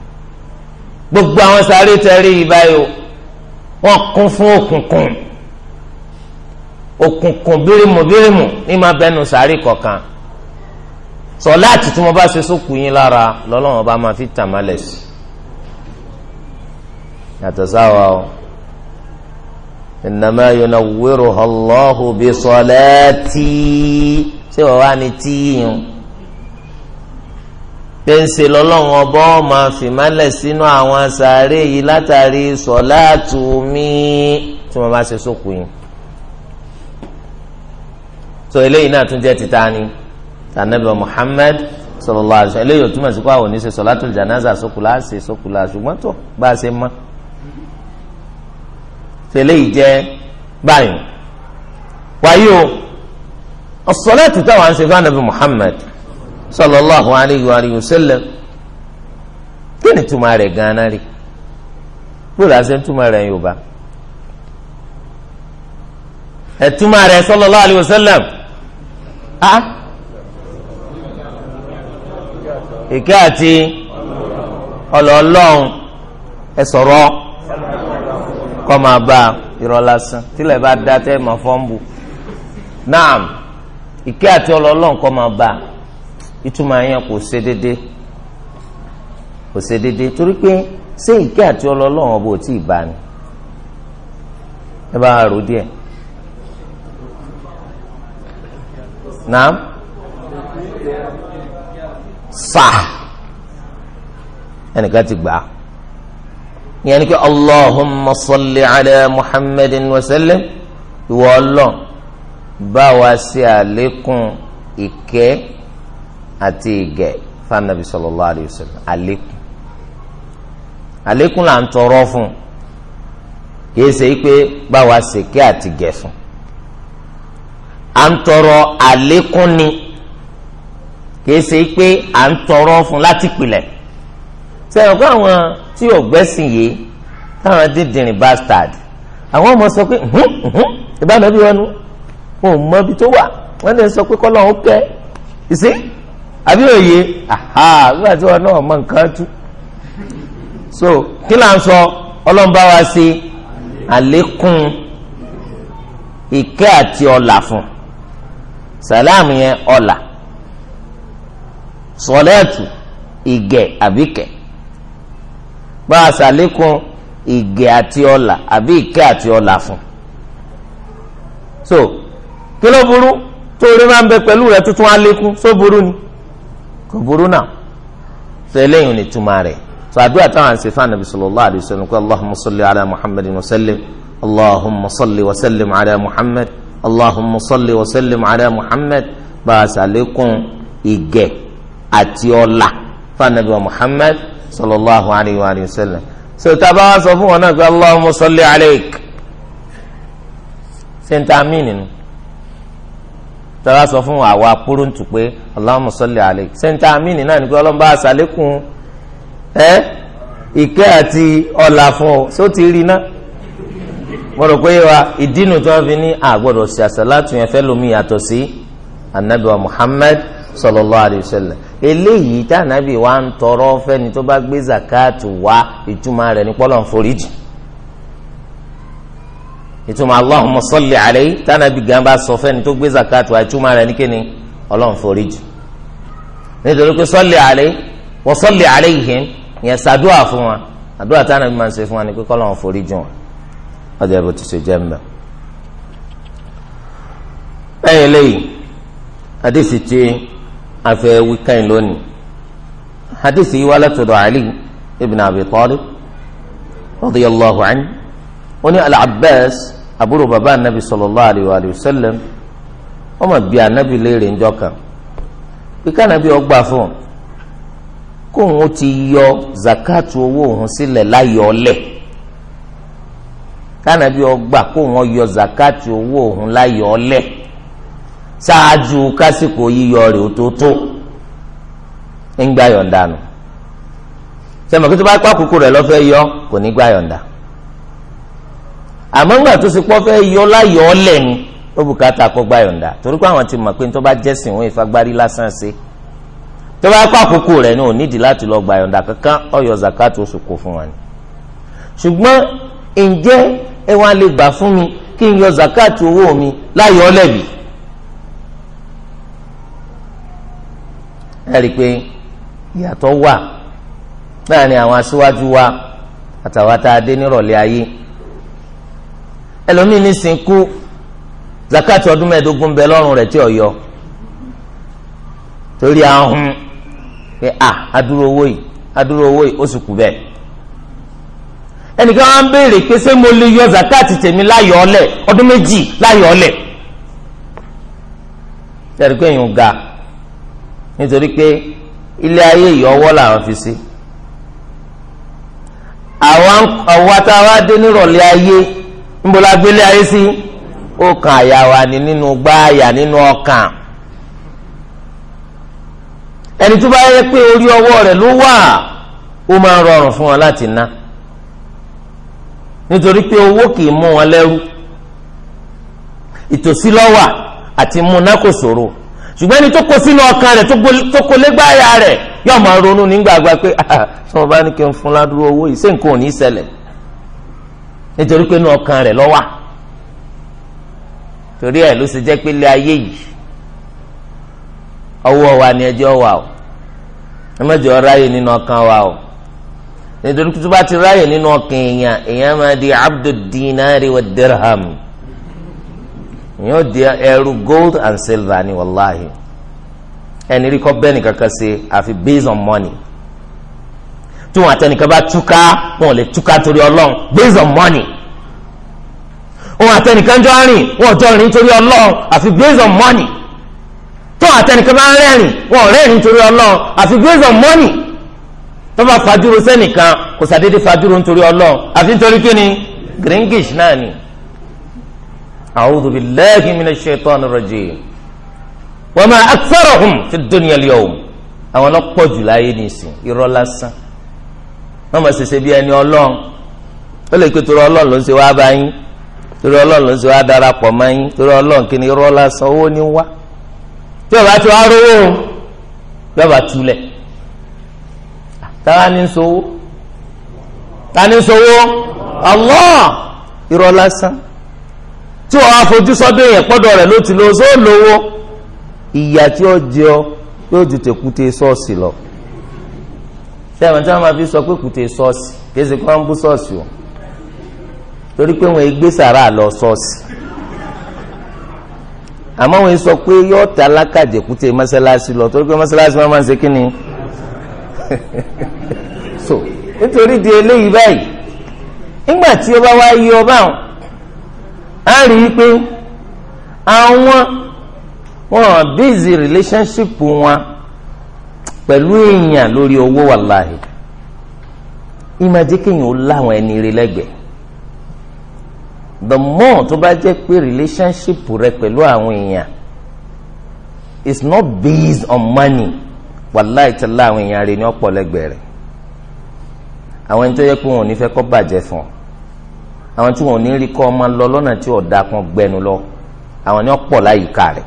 gbogbo àwọn sàárì tẹ̀rí ìbáyọ̀ wọn kún fún òkùnkùn òkùnkùn bírímù bírímù ní máa bẹnu sàárì kọ̀ọ̀kan sọláàtì tí mo bá ṣe sókù yín lára lọ́lọ́wọ́n bá máa fi tàmálẹ̀ sí yàtọ̀ sáwa o innama yunawwiruha Allahu bi salati ṣé wàá wá ní tíyìn tẹ́ǹsì lọ́lọ́run ọba ọmọ fìmálẹ̀ sínú àwọn sàárè yìí látàrí sọ̀láàtù mi tí wọ́n bá ṣe sókùn yìí. so eléyìí náà tún jẹ́ títa ni tànàbẹ̀ Muhammad sallallahu alaihi wasallam eléyìí ò túmọ̀ sí pé àwọn ò ní ṣe sọ̀láàtù jànáza sókùlá ṣe ṣùgbọ́n tó bá a ṣe mọ́. so eléyìí jẹ́ báyìí wáyé o ọ̀sọ̀láàtù táwọn ṣe fún ànàbẹ̀ sallallahu alayhi wa sallam kí ni túmọ̀ rẹ̀ gan-an rí bóòlù àti túmọ̀ rẹ̀ yorùbá ẹ̀túmọ̀ rẹ̀ sallallahu alayhi wa sallam a ìkẹ́ àti ọlọ́ọ̀lọ́hún ẹ sọ̀rọ̀ kọ́ máa bá irọ́ lásán tílẹ̀ bá dá tẹ́ ẹ̀ máa fọ́n bu naam ìkẹ́ àti ọlọ́ọ̀lọ́hún kọ́ máa bá a ìtumọ̀ yẹn kò ṣe déédéé kò ṣe déédéé torí pé ṣé ìkẹ́ àti ọlọ́lọ́run ọba ò tí ì bá ni ẹ bá a rò díẹ̀ naam sa ẹnìkan ti gbà á yẹn ni pé allahumma salli ala muhammadin wa ìwọ ọlọ́ọ̀ bá wa ṣe àlékún ìkẹ́. àti ìgẹ̀ fanabi sallallahu alayhi àlékún àlékún là ń tọrọ fún kìí ṣe pé báwa ṣèké àti gẹ̀ fún à ń tọrọ àlékún ni kìí ṣe pé à ń tọrọ fún láti pilẹ̀ sẹ́yìn kó àwọn tí ò gbẹ́sìn yìí táwọn dídìrín bastard àwọn ọmọ sọ pé ìbánabi wọn nu wọn mọ ibi tó wà wọn lè sọ pé àbí òye aha nígbà tí wọn náà mọ nǹkan tú so kí là ń sọ ọlọ́mbà wa ṣe àlékún ìkẹ́ àti ọ̀là fún sàlámù yẹn ọ̀là sọlẹ́ẹ̀tù ìgẹ̀ àbíkẹ́ bá a ṣàlékún ìgẹ̀ àti ọ̀là àbí ìkẹ́ àti ọ̀là fún so kí ló burú tó orí máa ń bẹ pẹ̀lú rẹ̀ tuntun á só burú ni. So, kò burú náà sọ eléyìí ni túmọ̀ rẹ̀ sọ àdúrà táwọn àṣẹ fún anabi sallallahu alayhi wa sallam kó allahumma salli ala muhammadin wa sallim allahumma salli wa sallim ala muhammad allahumma salli wa sallim ala muhammad bá a sàlékún ìgẹ̀ àti ọlá fún anabi wa muhammad sallallahu alayhi wa sallam sọ tábà wá sọ fún wọn náà pé allahumma salli alayk sèǹtà mí nínú tọ́lá sọ fún àwa púrúǹtù pé Allahumma salli alayhi sẹ́ńtà amínì náà ní pé ọlọ́mọba àṣàlékún ẹ́ ìkẹ́ àti ọ̀là fún ọ só ti rí iná mo rò pé wa ìdínú tí wọ́n fi ní àgbọ̀dọ̀ sí àṣàlátù yẹn fẹ́ lómi yàtọ̀ sí anabi wa Muhammad sallallahu alayhi wa sallam eléyìí tá anabi wa ń tọrọ fẹ́ni tó bá gbé zakat wá ìtumọ̀ rẹ̀ ní pọ́lọ̀ foríjì ìtumọ̀ allahumma salli alayhi tánàbí gan bá sọ fẹ́ni tó gbé zakat wa ìtumọ̀ rẹ̀ nìkéni ọlọ́run foríjì nítorí pé salli alayhi wa salli alayhim yẹn ṣàdúrà fún wa àdúrà tánàbí máa ń ṣe fún wa ni pé kọ́lọ́run foríjì wọn ọjọ́ ìbò ti ṣe jẹ́ mbẹ́. lẹ́yìn lẹ́yìn hadisi tí a fẹ́ lónìí hadisi yìí wá látọ̀dọ̀ ali ibn abi talib radiyallahu anhu. وني العباس àbúrò bàbá anabi sallallahu alayhi wa alayhi wa sallam ọmọ bíi anabi léèrè ńjọ́ kan kíkà anabi ọgbà fún un kóun ó ti yọ zakatu owó òun sílẹ̀ láyọ̀ ọlẹ̀ kánabi ọgbà kóun ó yọ zakatu owó òun láyọ̀ ọlẹ̀ ṣáájú kásìkò yíyọ rẹ̀ òtótó ń gbà yọ̀ǹda nù sẹ́mi kí tó bá kó àkókò lọ́fẹ́ yọ kò ní gbà yọ̀ǹda àmọ́ ńgbà tó ṣe pọ́ fẹ́ yọ láyọ̀ ọ́ lẹ̀ ni ó bùkátà kó gbà yọ̀ǹda torí pé àwọn ti mọ̀ pé tó bá jẹ́sìn wọn ìfagbárí lásán ṣe tó bá kó àkókò rẹ̀ ní onídìí láti lọ gbà yọ̀ǹda kankan ọ̀yọ̀ zakat oṣù kò fún wọn ni ṣùgbọ́n ǹjẹ́ ẹ wá lè gbà fún mi kí n yọ zakat owó mi láyọ̀ ọ́ lẹ̀bi ẹ rí i pé ìyàtọ̀ wà láàrin àwọn aṣíwájú wa àtàwọn tá a nírọ̀lẹ́ ayé ẹlòmíín ní sìnkú zakati ọdún mẹ́ẹ̀ẹ́dógún bẹ lọ́rùn rẹ̀ tí ò yọ torí ahun pé a adúrò owó yìí adúrò owó yìí ó sì kú bẹ́ẹ̀ ẹnìkan wá ń béèrè pé ṣé mo lè yọ zakati tèmi láyọ̀ ọlẹ̀ ọdún méjì láyọ̀ ọlẹ̀ tẹ̀rí pé èèyàn ga nítorí pé ilé ayé ìyọwọ́ làwọn fi sí àwọn àwa tá a wá dé nírọ̀lẹ́ ayé. níbo la gbélé ayé sí ọkàn kan àyà ni nínú gbáàyà nínú ọkàn ẹni tó bá yẹ pé orí ọwọ́ rẹ̀ ló wà ó máa ń rọrùn fún wọn láti ná nítorí pé owó kì í mú wọn lẹ́rú ìtòsí lọ́wà àti múná kò ṣòro ṣùgbọ́n ẹni tó kó sínú ọkàn rẹ̀ tó kó lẹ́gbàáyà rẹ̀ yóò máa ronú nígbàgbà pé ah, ah, tí wọ́n bá ní kí n fún ládùúgbò owó yìí ṣé nǹkan ò ní í ṣẹlẹ̀ nítorí pé inú ọkàn rẹ̀ ló wà torí ẹ̀ ló ṣe jẹ́ pé ilé ayé yìí ọwọ́ wa ni ẹjọ́ wà o ẹ má jọ ráyè nínú ọkàn wa o nítorí tó bá ti ráyè nínú ọkàn èèyàn èèyàn máa di abdu wa dirham èèyàn ó di ẹrú gold and silver ni wàláhì ẹni rí kọ́ bẹ́ẹ̀ ni kankan ṣe àfi based on money tí wọn àtẹnìkan bá túká wọn ò lè túká torí ọlọ́run based on money wọn àtẹnìkan jọ rìn wọn ò jọ rìn torí ọlọ́run àfi based on money tó àtẹnìkan bá rẹ́rìn wọn ò rẹ́rìn torí ọlọ́run àfi based on money tó bá fajúro sẹ́nìkan kò sàdédé fajúro nítorí ọlọ́run àfi nítorí kí ni gringish náà ni. a'udhu billahi minash shaitani rajim wa ma aktharuhum fid dunya al-yawm àwọn ọlọ́pọ̀ jù láyé nìsín irọ́ lásán wọn mọ ṣẹṣẹ bí ẹni Ọlọ́run ó lè pe torí Ọlọ́run ló ń ṣe wá bá yín torí Ọlọ́run ló ń ṣe wá darapọ̀ mọ́ yín torí Ọlọ́run kí ni irọ́ lásán owó ní wá tí ọba tí wàá rówó yọba túlẹ̀ táwa ní sowó táwa ní sowó Allah irọ́ lásán tí wọn afojú sọ́dọ̀ yẹn pọdọ rẹ ló ti lọ sóò lówó ìyà tí ó jẹ ọ yóò ju tèkúté ṣọ́ọ̀ṣì lọ sẹ́wọ̀n tí wọ́n máa fi sọ pé kùtè sọ́ọ̀sì kì í ṣe kí wọ́n ń bú sọ́ọ̀sì o torí pé wọ́n gbé sàrà lọ sọ́ọ̀sì àmọ́ wọ́n sọ pé yóò ta alákàjẹ́ kùtè mọ́sálásí lọ torí pé mọ́sálásí wọn máa ń ṣe kí ni so nítorí di eléyìí báyìí nígbà tí ó bá wá yí ọba àwọn á rí i pé àwọn wọn bíìsì relationship wọn pẹ̀lú èèyàn lórí owó wàláhì ìmọ̀jẹ́kẹ̀yìn ó láwọn ẹni rí lẹ́gbẹ̀ẹ́ the more tó bá jẹ́ pé relationship rẹ pẹ̀lú àwọn èèyàn is not based on money wàláhì tẹ́ láwọn èèyàn rí ní ọ̀pọ̀ lẹ́gbẹ̀ẹ́ rẹ̀ àwọn ẹni tó yẹ pé wọn ò ní fẹ́ kó bàjẹ́ fún ọ àwọn tí wọn ò ní rí kó ọmọ lọ lọ́nà tí ọ̀dà kan gbẹnu lọ àwọn ni ọ̀pọ̀ láyìíká rẹ̀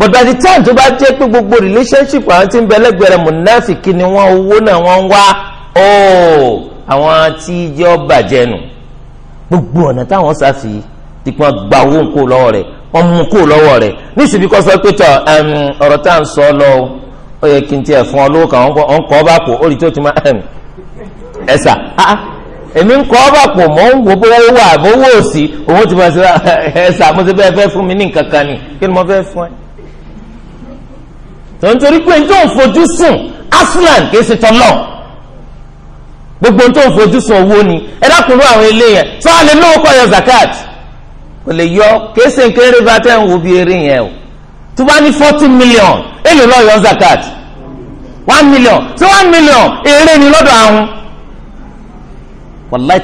but by the time tó bá jẹ́ pé gbogbo relationship àwọn tí ń bẹ lẹ́gbẹ̀ẹ́ rẹ̀ mùnáfìkì ni wọ́n owó náà wọ́n ń wá ó oh, àwọn tí jẹ́ ọba jẹnu gbogbo ọ̀nà táwọn sáfì tipa gba owó ńkó lọ́wọ́ rẹ̀ wọ́n mú kó lọ́wọ́ rẹ̀ níṣìbí kọ́ sọ pé tọ̀ ọ̀rọ̀ tá à ń sọ lọ ó yẹ kí n tiẹ̀ fún ọ lówó kan ọ̀n kọ́ bá kó orí tó ti máa ẹ̀sà èmi ń kọ́ bá kó mọ̀ ń wo bó wà bó wò sí owó ti máa ṣe ẹ̀sà mo ti bẹ́ẹ̀ fẹ́ fún mi ní nǹkan kan ni kí ni mo fẹ́ fún ẹ. tó ń torí pé nítorí òfojú sùn aslan kìí ṣe tọ́lọ̀ gbogbo nítorí òfojú sùn owó ni ẹ dákùnrin àwọn eléyẹn sọ àlè lówó kọ́ yọ zakat kò lè yọ kìí ṣe nǹkan eré bá ń wo bí eré yẹn o tó bá ní forty million èlò lọ́ọ́ yọ zakat one million sí one million eré ni lọ́dọ̀ àwọn wàláì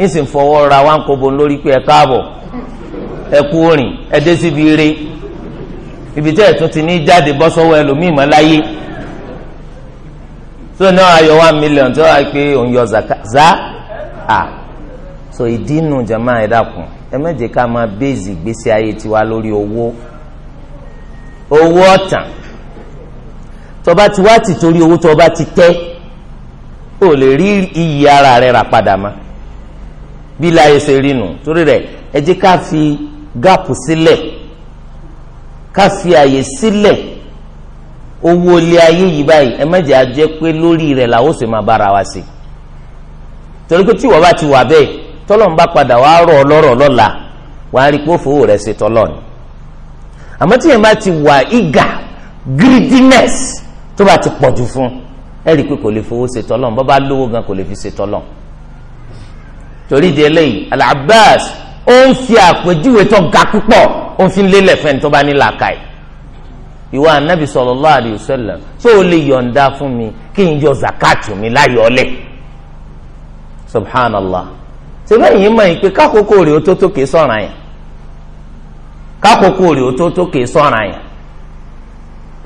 ń sì fọwọ́ ra wá ń kobo lórí pé ẹ káàbọ̀ ẹ kú òrìn ẹ dé síbi eré ibi tẹ́ ẹ̀ tún ti ní jáde bọ́ sọ́wọ́ ẹlòmíì mọ́ láyé tó náà ayọ̀ one million tó wà pé òun yọ zá à so ìdínú jama ẹ dákun ẹ má jẹ́ ká máa béèzì gbèsè ayé tiwa lórí owó owó ọ̀tàn tọba ti wá ti torí owó tọba ti tẹ́ ò lè rí iyì ara rẹ rà padà máa. bí láyé ṣe rí nù torí rẹ̀ ẹ jẹ́ ká fi gáàpù sílẹ̀ ká fi àyè owó ilé ayé yìí báyìí ẹ mẹ́jẹ̀ á pé lórí rẹ̀ làwọn sì máa bára wa sí torí pé tí ìwọ bá ti wà bẹ́ẹ̀ tọ́lọ́n bá padà wàá rọ̀ ọlọ́rọ̀ lọ́la wàá rí pé fowó rẹ̀ ṣe tí yẹn bá ti wà ìgà greediness tó bá ti pọ̀jù fún ẹ rí i pé kò lè fowó ṣe bọ́ bá lówó gan kò fi ṣe torí di eléyìí Al-Abbas ó ń fi àpèjúwe tó ga púpọ̀ ó ń fi lélẹ̀ fẹ́ni tó bá ní làákàyè ìwà anabi sallallahu alayhi sallam tó o lè yọ̀ǹda fún mi kí n yọ zakatu mi láyọ̀ọ́lẹ̀ subhanallah sebe yìí mọ̀ ìpè kákòókò rè ó tó tó ké sọ̀ràn yẹn kákòókò rè ó tó tó ké sọ̀ràn yẹn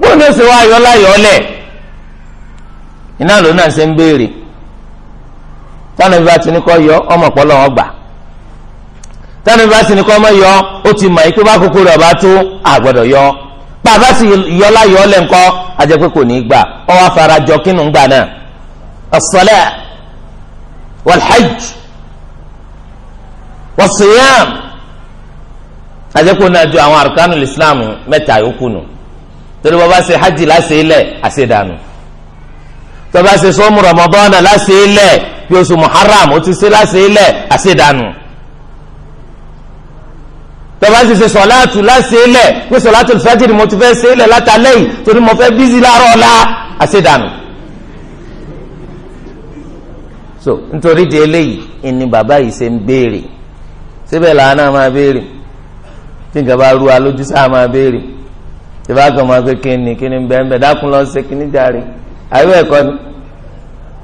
bóun ló ṣe wá ayọ̀ láyọ̀ọ́lẹ̀ iná ló náà ṣe ń béèrè tánàbí bá ti ni kọ yọ ọmọ ọ̀pọ̀lọ́ ọgbà tánàbí bá ti ni kọ ọmọ yọ ó ti mọ̀ ikú bá kúkú baa ọba tó yọ bàbá sì yọ yọla ọ́ lẹ́ńkọ́ ajẹ́pẹ́ kò ní í gbà ọ wá fara jọ kínú ń gbà wal-hajj arkanu islam yòókù nù torí bàbá hajj láṣẹ àṣẹ dànù tọba ṣe sọmu ramadana láṣẹ ilẹ bí oṣù muharram o ti ṣe láṣẹ ilẹ àṣedànù tọba ṣe ṣe sọláàtù láṣẹ ilẹ pé sọláàtù fẹjìrì mo ti fẹ ṣe ilẹ látàlẹ yìí torí mo fẹ bízí láàárọ̀ ọ̀la àṣedànù. so nítorí di eléyìí ìní bàbá yìí ṣe ń béèrè síbẹ̀ làwọn náà máa béèrè tí nǹkan bá rú wa lójú sáà máa béèrè tí bá kàn máa pé kíni kíni bẹ́ẹ̀ bẹ́ẹ̀ dákun lọ́ọ́ ṣe kíni àyẹ̀wò ẹ̀kọ́ ni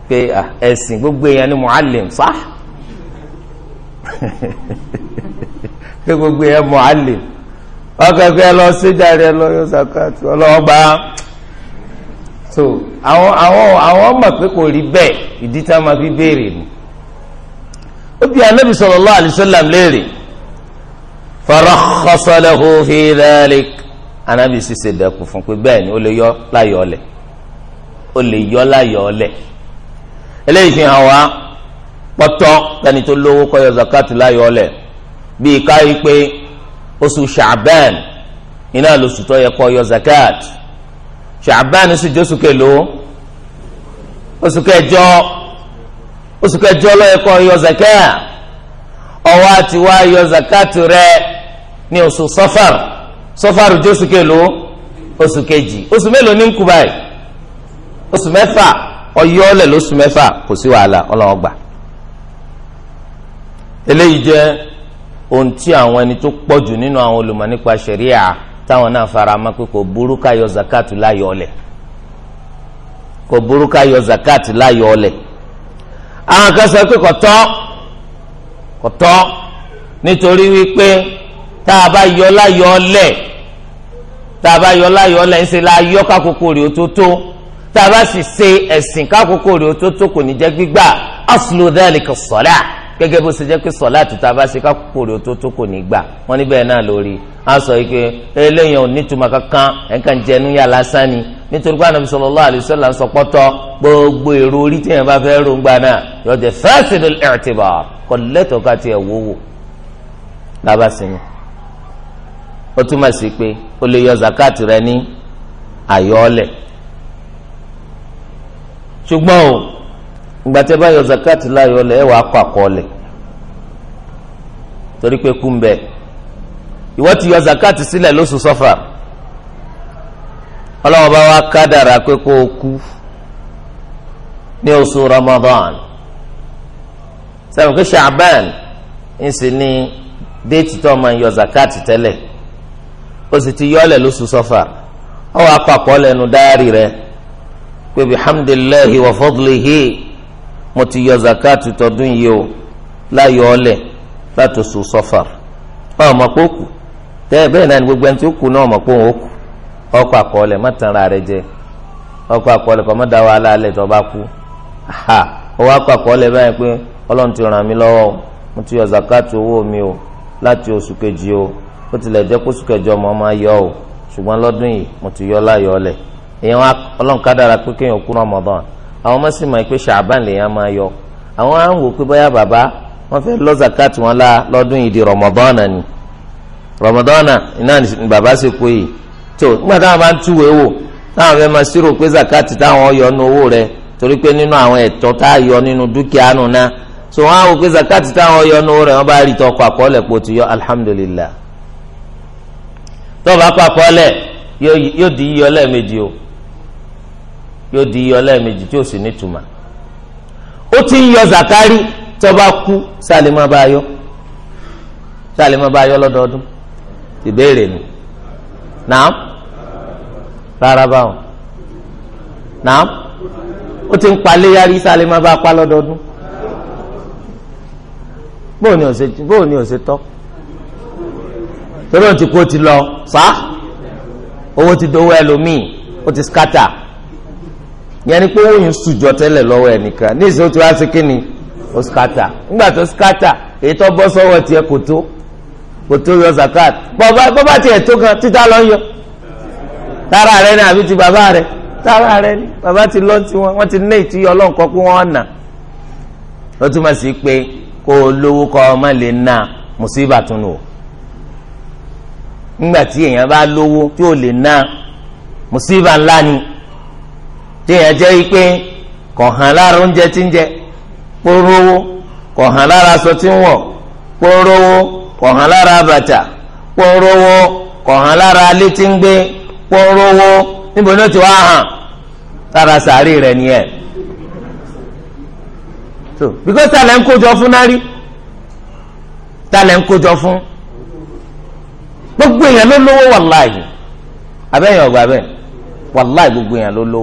pé ẹ̀sìn gbogbo èèyàn ni mu'allim sah pé gbogbo èèyàn mu'allim ọkọ̀ pé ẹ lọ sídàrí ẹ lọ yọ sàkàtì ọlọ́ọ̀bá so àwọn àwọn àwọn mọ̀ pé kò rí bẹ́ẹ̀ ìdí tá a máa fi béèrè ni ó bi anabi sallallahu alaihi léèrè farakhasa lahu fi sì ṣe dẹ́kun fún pé bẹ́ẹ̀ ni ó lè yọ láyọ̀ ọ̀lẹ̀ o lè yọ láyọ̀ ọ̀lẹ̀ eléyìí fi hàn wá pọ̀tọ́ pẹ́ni tó lówó kó yọ zakati láyọ̀ ọ̀lẹ̀ bíi káyí pé oṣù ṣàbẹ́ẹ̀n iná lóṣù tó yẹ kó yọ zakati ṣàbẹ́ẹ̀n sì jóṣù kèlò oṣù kẹjọ oṣù kẹjọ ló yẹ kó yọ zakati ọwọ́ àti wá yọ zakati rẹ ní oṣù sọfàr sọfàr jóṣù kèlò oṣù kejì oṣù mélòó ní nkú oṣù mẹ́fà ọyọ́ ọ̀lẹ̀ lóṣù mẹ́fà kò sí wàhálà ọlọ́wọ́ gbà eléyìí jẹ́ ohun tí àwọn ẹni tó pọ̀ jù nínú àwọn olùmọ̀ nípa ṣẹ̀ríà táwọn náà fara mọ́ pé kò burú ká yọ zakatu láyọ̀ ọ̀lẹ̀ kò burú ká yọ láyọ̀ ọ̀lẹ̀ àwọn kan sọ pé kò tọ́ kò tọ́ nítorí wípé tá a bá yọ láyọ̀ ọ̀lẹ̀ tá a bá yọ láyọ̀ ọ̀lẹ̀ ń ṣe la yọ kákòókò rè ó tó tó tá a bá sì ṣe ẹ̀sìn kákòókò rẹ̀ tó tó kò ní jẹ́ gbígbà aslu dhalika as-salah gẹ́gẹ́ bó ṣe jẹ́ pé sọ̀lá àti tá a bá ṣe kákòókò rẹ̀ tó tó kò ní gbà wọ́n níbẹ̀ náà lórí a sọ yìí pé eléyìí ò kankan ẹ̀ka jẹnu yà lásán ni nítorí pé anabi sallallahu alaihi wasallam sọ pọ́tọ́ gbogbo èrò orí tí yẹn bá fẹ́ rògbà náà yóò jẹ fasidul i'tibar kò lẹ́tọ̀ọ́ ká tiẹ̀ wówó lábàsínyìn ó túmọ̀ sí pé o lè yọ zakati rẹ ní àyọ́ọ̀lẹ̀ ṣùgbọ́n o ìgbàtẹ́ bá yọ zakat láyọ̀ lẹ̀ ẹ̀ wàá kọ́ àkọọ́lẹ̀ torí pé kú ń bẹ ìwọ ti yọ zakat sílẹ̀ lóṣù sọ́fà ọlọ́wọ́n bá wá kádàrà pé kó o kú ní oṣù Ramadan sẹ́wọ̀n kí ṣàbán ń sì ní déètì tó máa yọ zakat tẹ́lẹ̀ ó sì ti yọ ọ́ lẹ̀ lóṣù sọ́fà ọ̀ wàá kọ́ àkọọ́lẹ̀ nu dáárì rẹ̀ pé bihamdillahi wa fadlihi mo ti yọ zakati tọdún yìí o láyọ̀ ọlẹ̀ láti oṣù sọfàr ọ mọ̀ pé ó kù tẹ́ bẹ́ẹ̀ náà ni gbogbo ẹni tí ó kù náà mọ̀ pé òun ó kù ọkọ̀ àkọọ́lẹ̀ má tan ara rẹ jẹ ọkọ̀ àkọọ́lẹ̀ kọ́ má da wàhálà alẹ̀ tó bá kú ha ọwọ́ ọkọ̀ àkọọ́lẹ̀ báyìí pé ọlọ́run ti ràn mí lọ́wọ́ ti yọ zakati owó mi o láti oṣù kejì o ó tilẹ̀ jẹ́ ọmọ o ṣùgbọ́n lọ́dún yìí mo ti yọ láyọ̀ ọlẹ̀ èèyàn ọlọ́run ká dára pé kéèyàn kú Ramadan àwọn ọmọ sì mọ̀ pé ṣàbán lèèyàn máa yọ àwọn á ń wò pé bóyá bàbá wọ́n fẹ́ lọ zakat wọn la lọ́dún yìí di Ramadan ni Ramadan iná ni bàbá sì kú yìí tó nígbà táwọn bá ń túwò wò táwọn fẹ́ máa ṣírò pé zakat táwọn yọ nu owó rẹ̀ torí pé nínú àwọn ẹ̀tọ́ tá a yọ nínú dúkìá nù náà so wọn á wò pé zakat táwọn yọ nu owó rẹ̀ wọ́n bá rí tọkọ àkọọ́lẹ̀ pò ti yọ alhamdulillah tọ́ba kọ àkọọ́lẹ̀ yóò di yíyọ lẹ́ẹ̀mejì yóò di iyọ lẹ́ẹ̀mejì tí ó sì ní tuma ó ti ń yọ zakari tó bá kú sálẹ̀ má bá yọ lọ́dọọdún ìbéèrè ni naam rárá báwọn naam ó ti ń palẹ̀ yárí sálẹ̀ má bá pa lọ́dọọdún bóò ni ọ̀sẹ̀ bóò ni ọ̀sẹ̀ tọ́ torí wọn ti kó ti lọ fa owó ti dowó ẹlòmíì ó ti skata. yẹn ni pé owó yìí sùjọ tẹ́lẹ̀ lọ́wọ́ ẹnìkan ní ti wá sí kí ni skata tó skata èyí tó bọ́ sọ́wọ́ tiẹ̀ kò tó kò títà lọ yọ tara rẹ ni àbí ti bàbá rẹ tara rẹ ni bàbá ti lọ ti wọn wọn ti ní ìtì nà ó túmọ̀ sí pé kó o lówó kọ́ ọ má lè mùsíbà tún nù o tí èèyàn bá lówó tí ò lè mùsíbà téèyàn jẹ́ ikpe kò hàn lára oúnjẹ tí ń jẹ kpórówó kò lára aṣọ tí ń wọ̀ kpórówó kò lára bàtà kpórówó kò lára alé tí ń so because ń kójọ fún náà rí talẹ̀ ń kójọ fún gbogbo èèyàn ló lówó wàláyé abẹ́yẹn ọgbà bẹ́ẹ̀ gbogbo èèyàn ló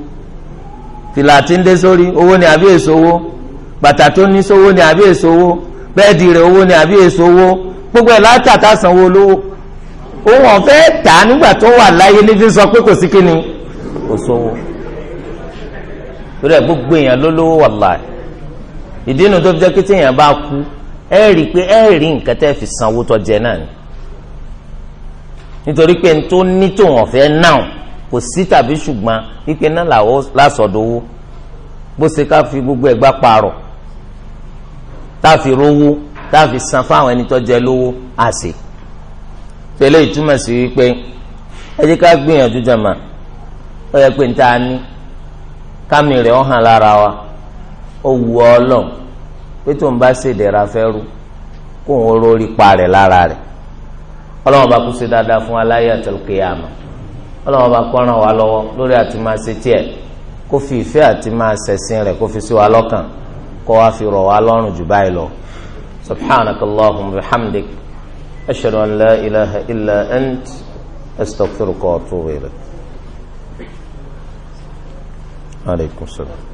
fìlà tí ń dé sórí owó ni àbí èso owó bàtà tó ní sówó ni àbí èso owó bẹ́ẹ̀dì rẹ̀ owó ni àbí èso owó gbogbo ẹ̀ látàtà sanwó olówó òun ọ̀fẹ́ tà nígbà tó wà láyé níbi sọ pé kò sí kíni kò sówó torí gbogbo èèyàn ló lówó wàlá ìdí inú tó fi jẹ́ kí tí èèyàn bá kú ẹ rí pé ẹ rí nǹkan tẹ́ fi sanwó tó jẹ náà ni nítorí pé n tó ní tòun ọ̀fẹ́ náà kò sí tàbí ṣùgbọ́n wípé náà làwọn lásọdowó bó ṣe ká fi gbogbo ẹgbà parọ́ tá a fi rówó tá a fi san fáwọn ẹni tó jẹ lówó àṣẹ tẹlẹ ìtumọ̀ sí wípé ẹ ká gbìyànjú jàmà ó yẹ pé níta ní kámi rẹ̀ lára wa ó wù ọ́ lọ pé tó ń bá kó ń pa rẹ̀ lára ọlọ́wọ́n bá kọ́ran wa lọ́wọ́ lórí àti máa ṣe tiẹ̀ kó fi ìfẹ́ àti máa ṣẹ̀sìn rẹ̀ kó fi sí wa lọ́kàn kó wa fi rọ̀ wa lọ́rùn jù báyìí lọ. subhanaka allahumma wa hamdik ashhadu an la ilaha illa ant astaghfiruka wa atubu ilayk. aleykum salaam.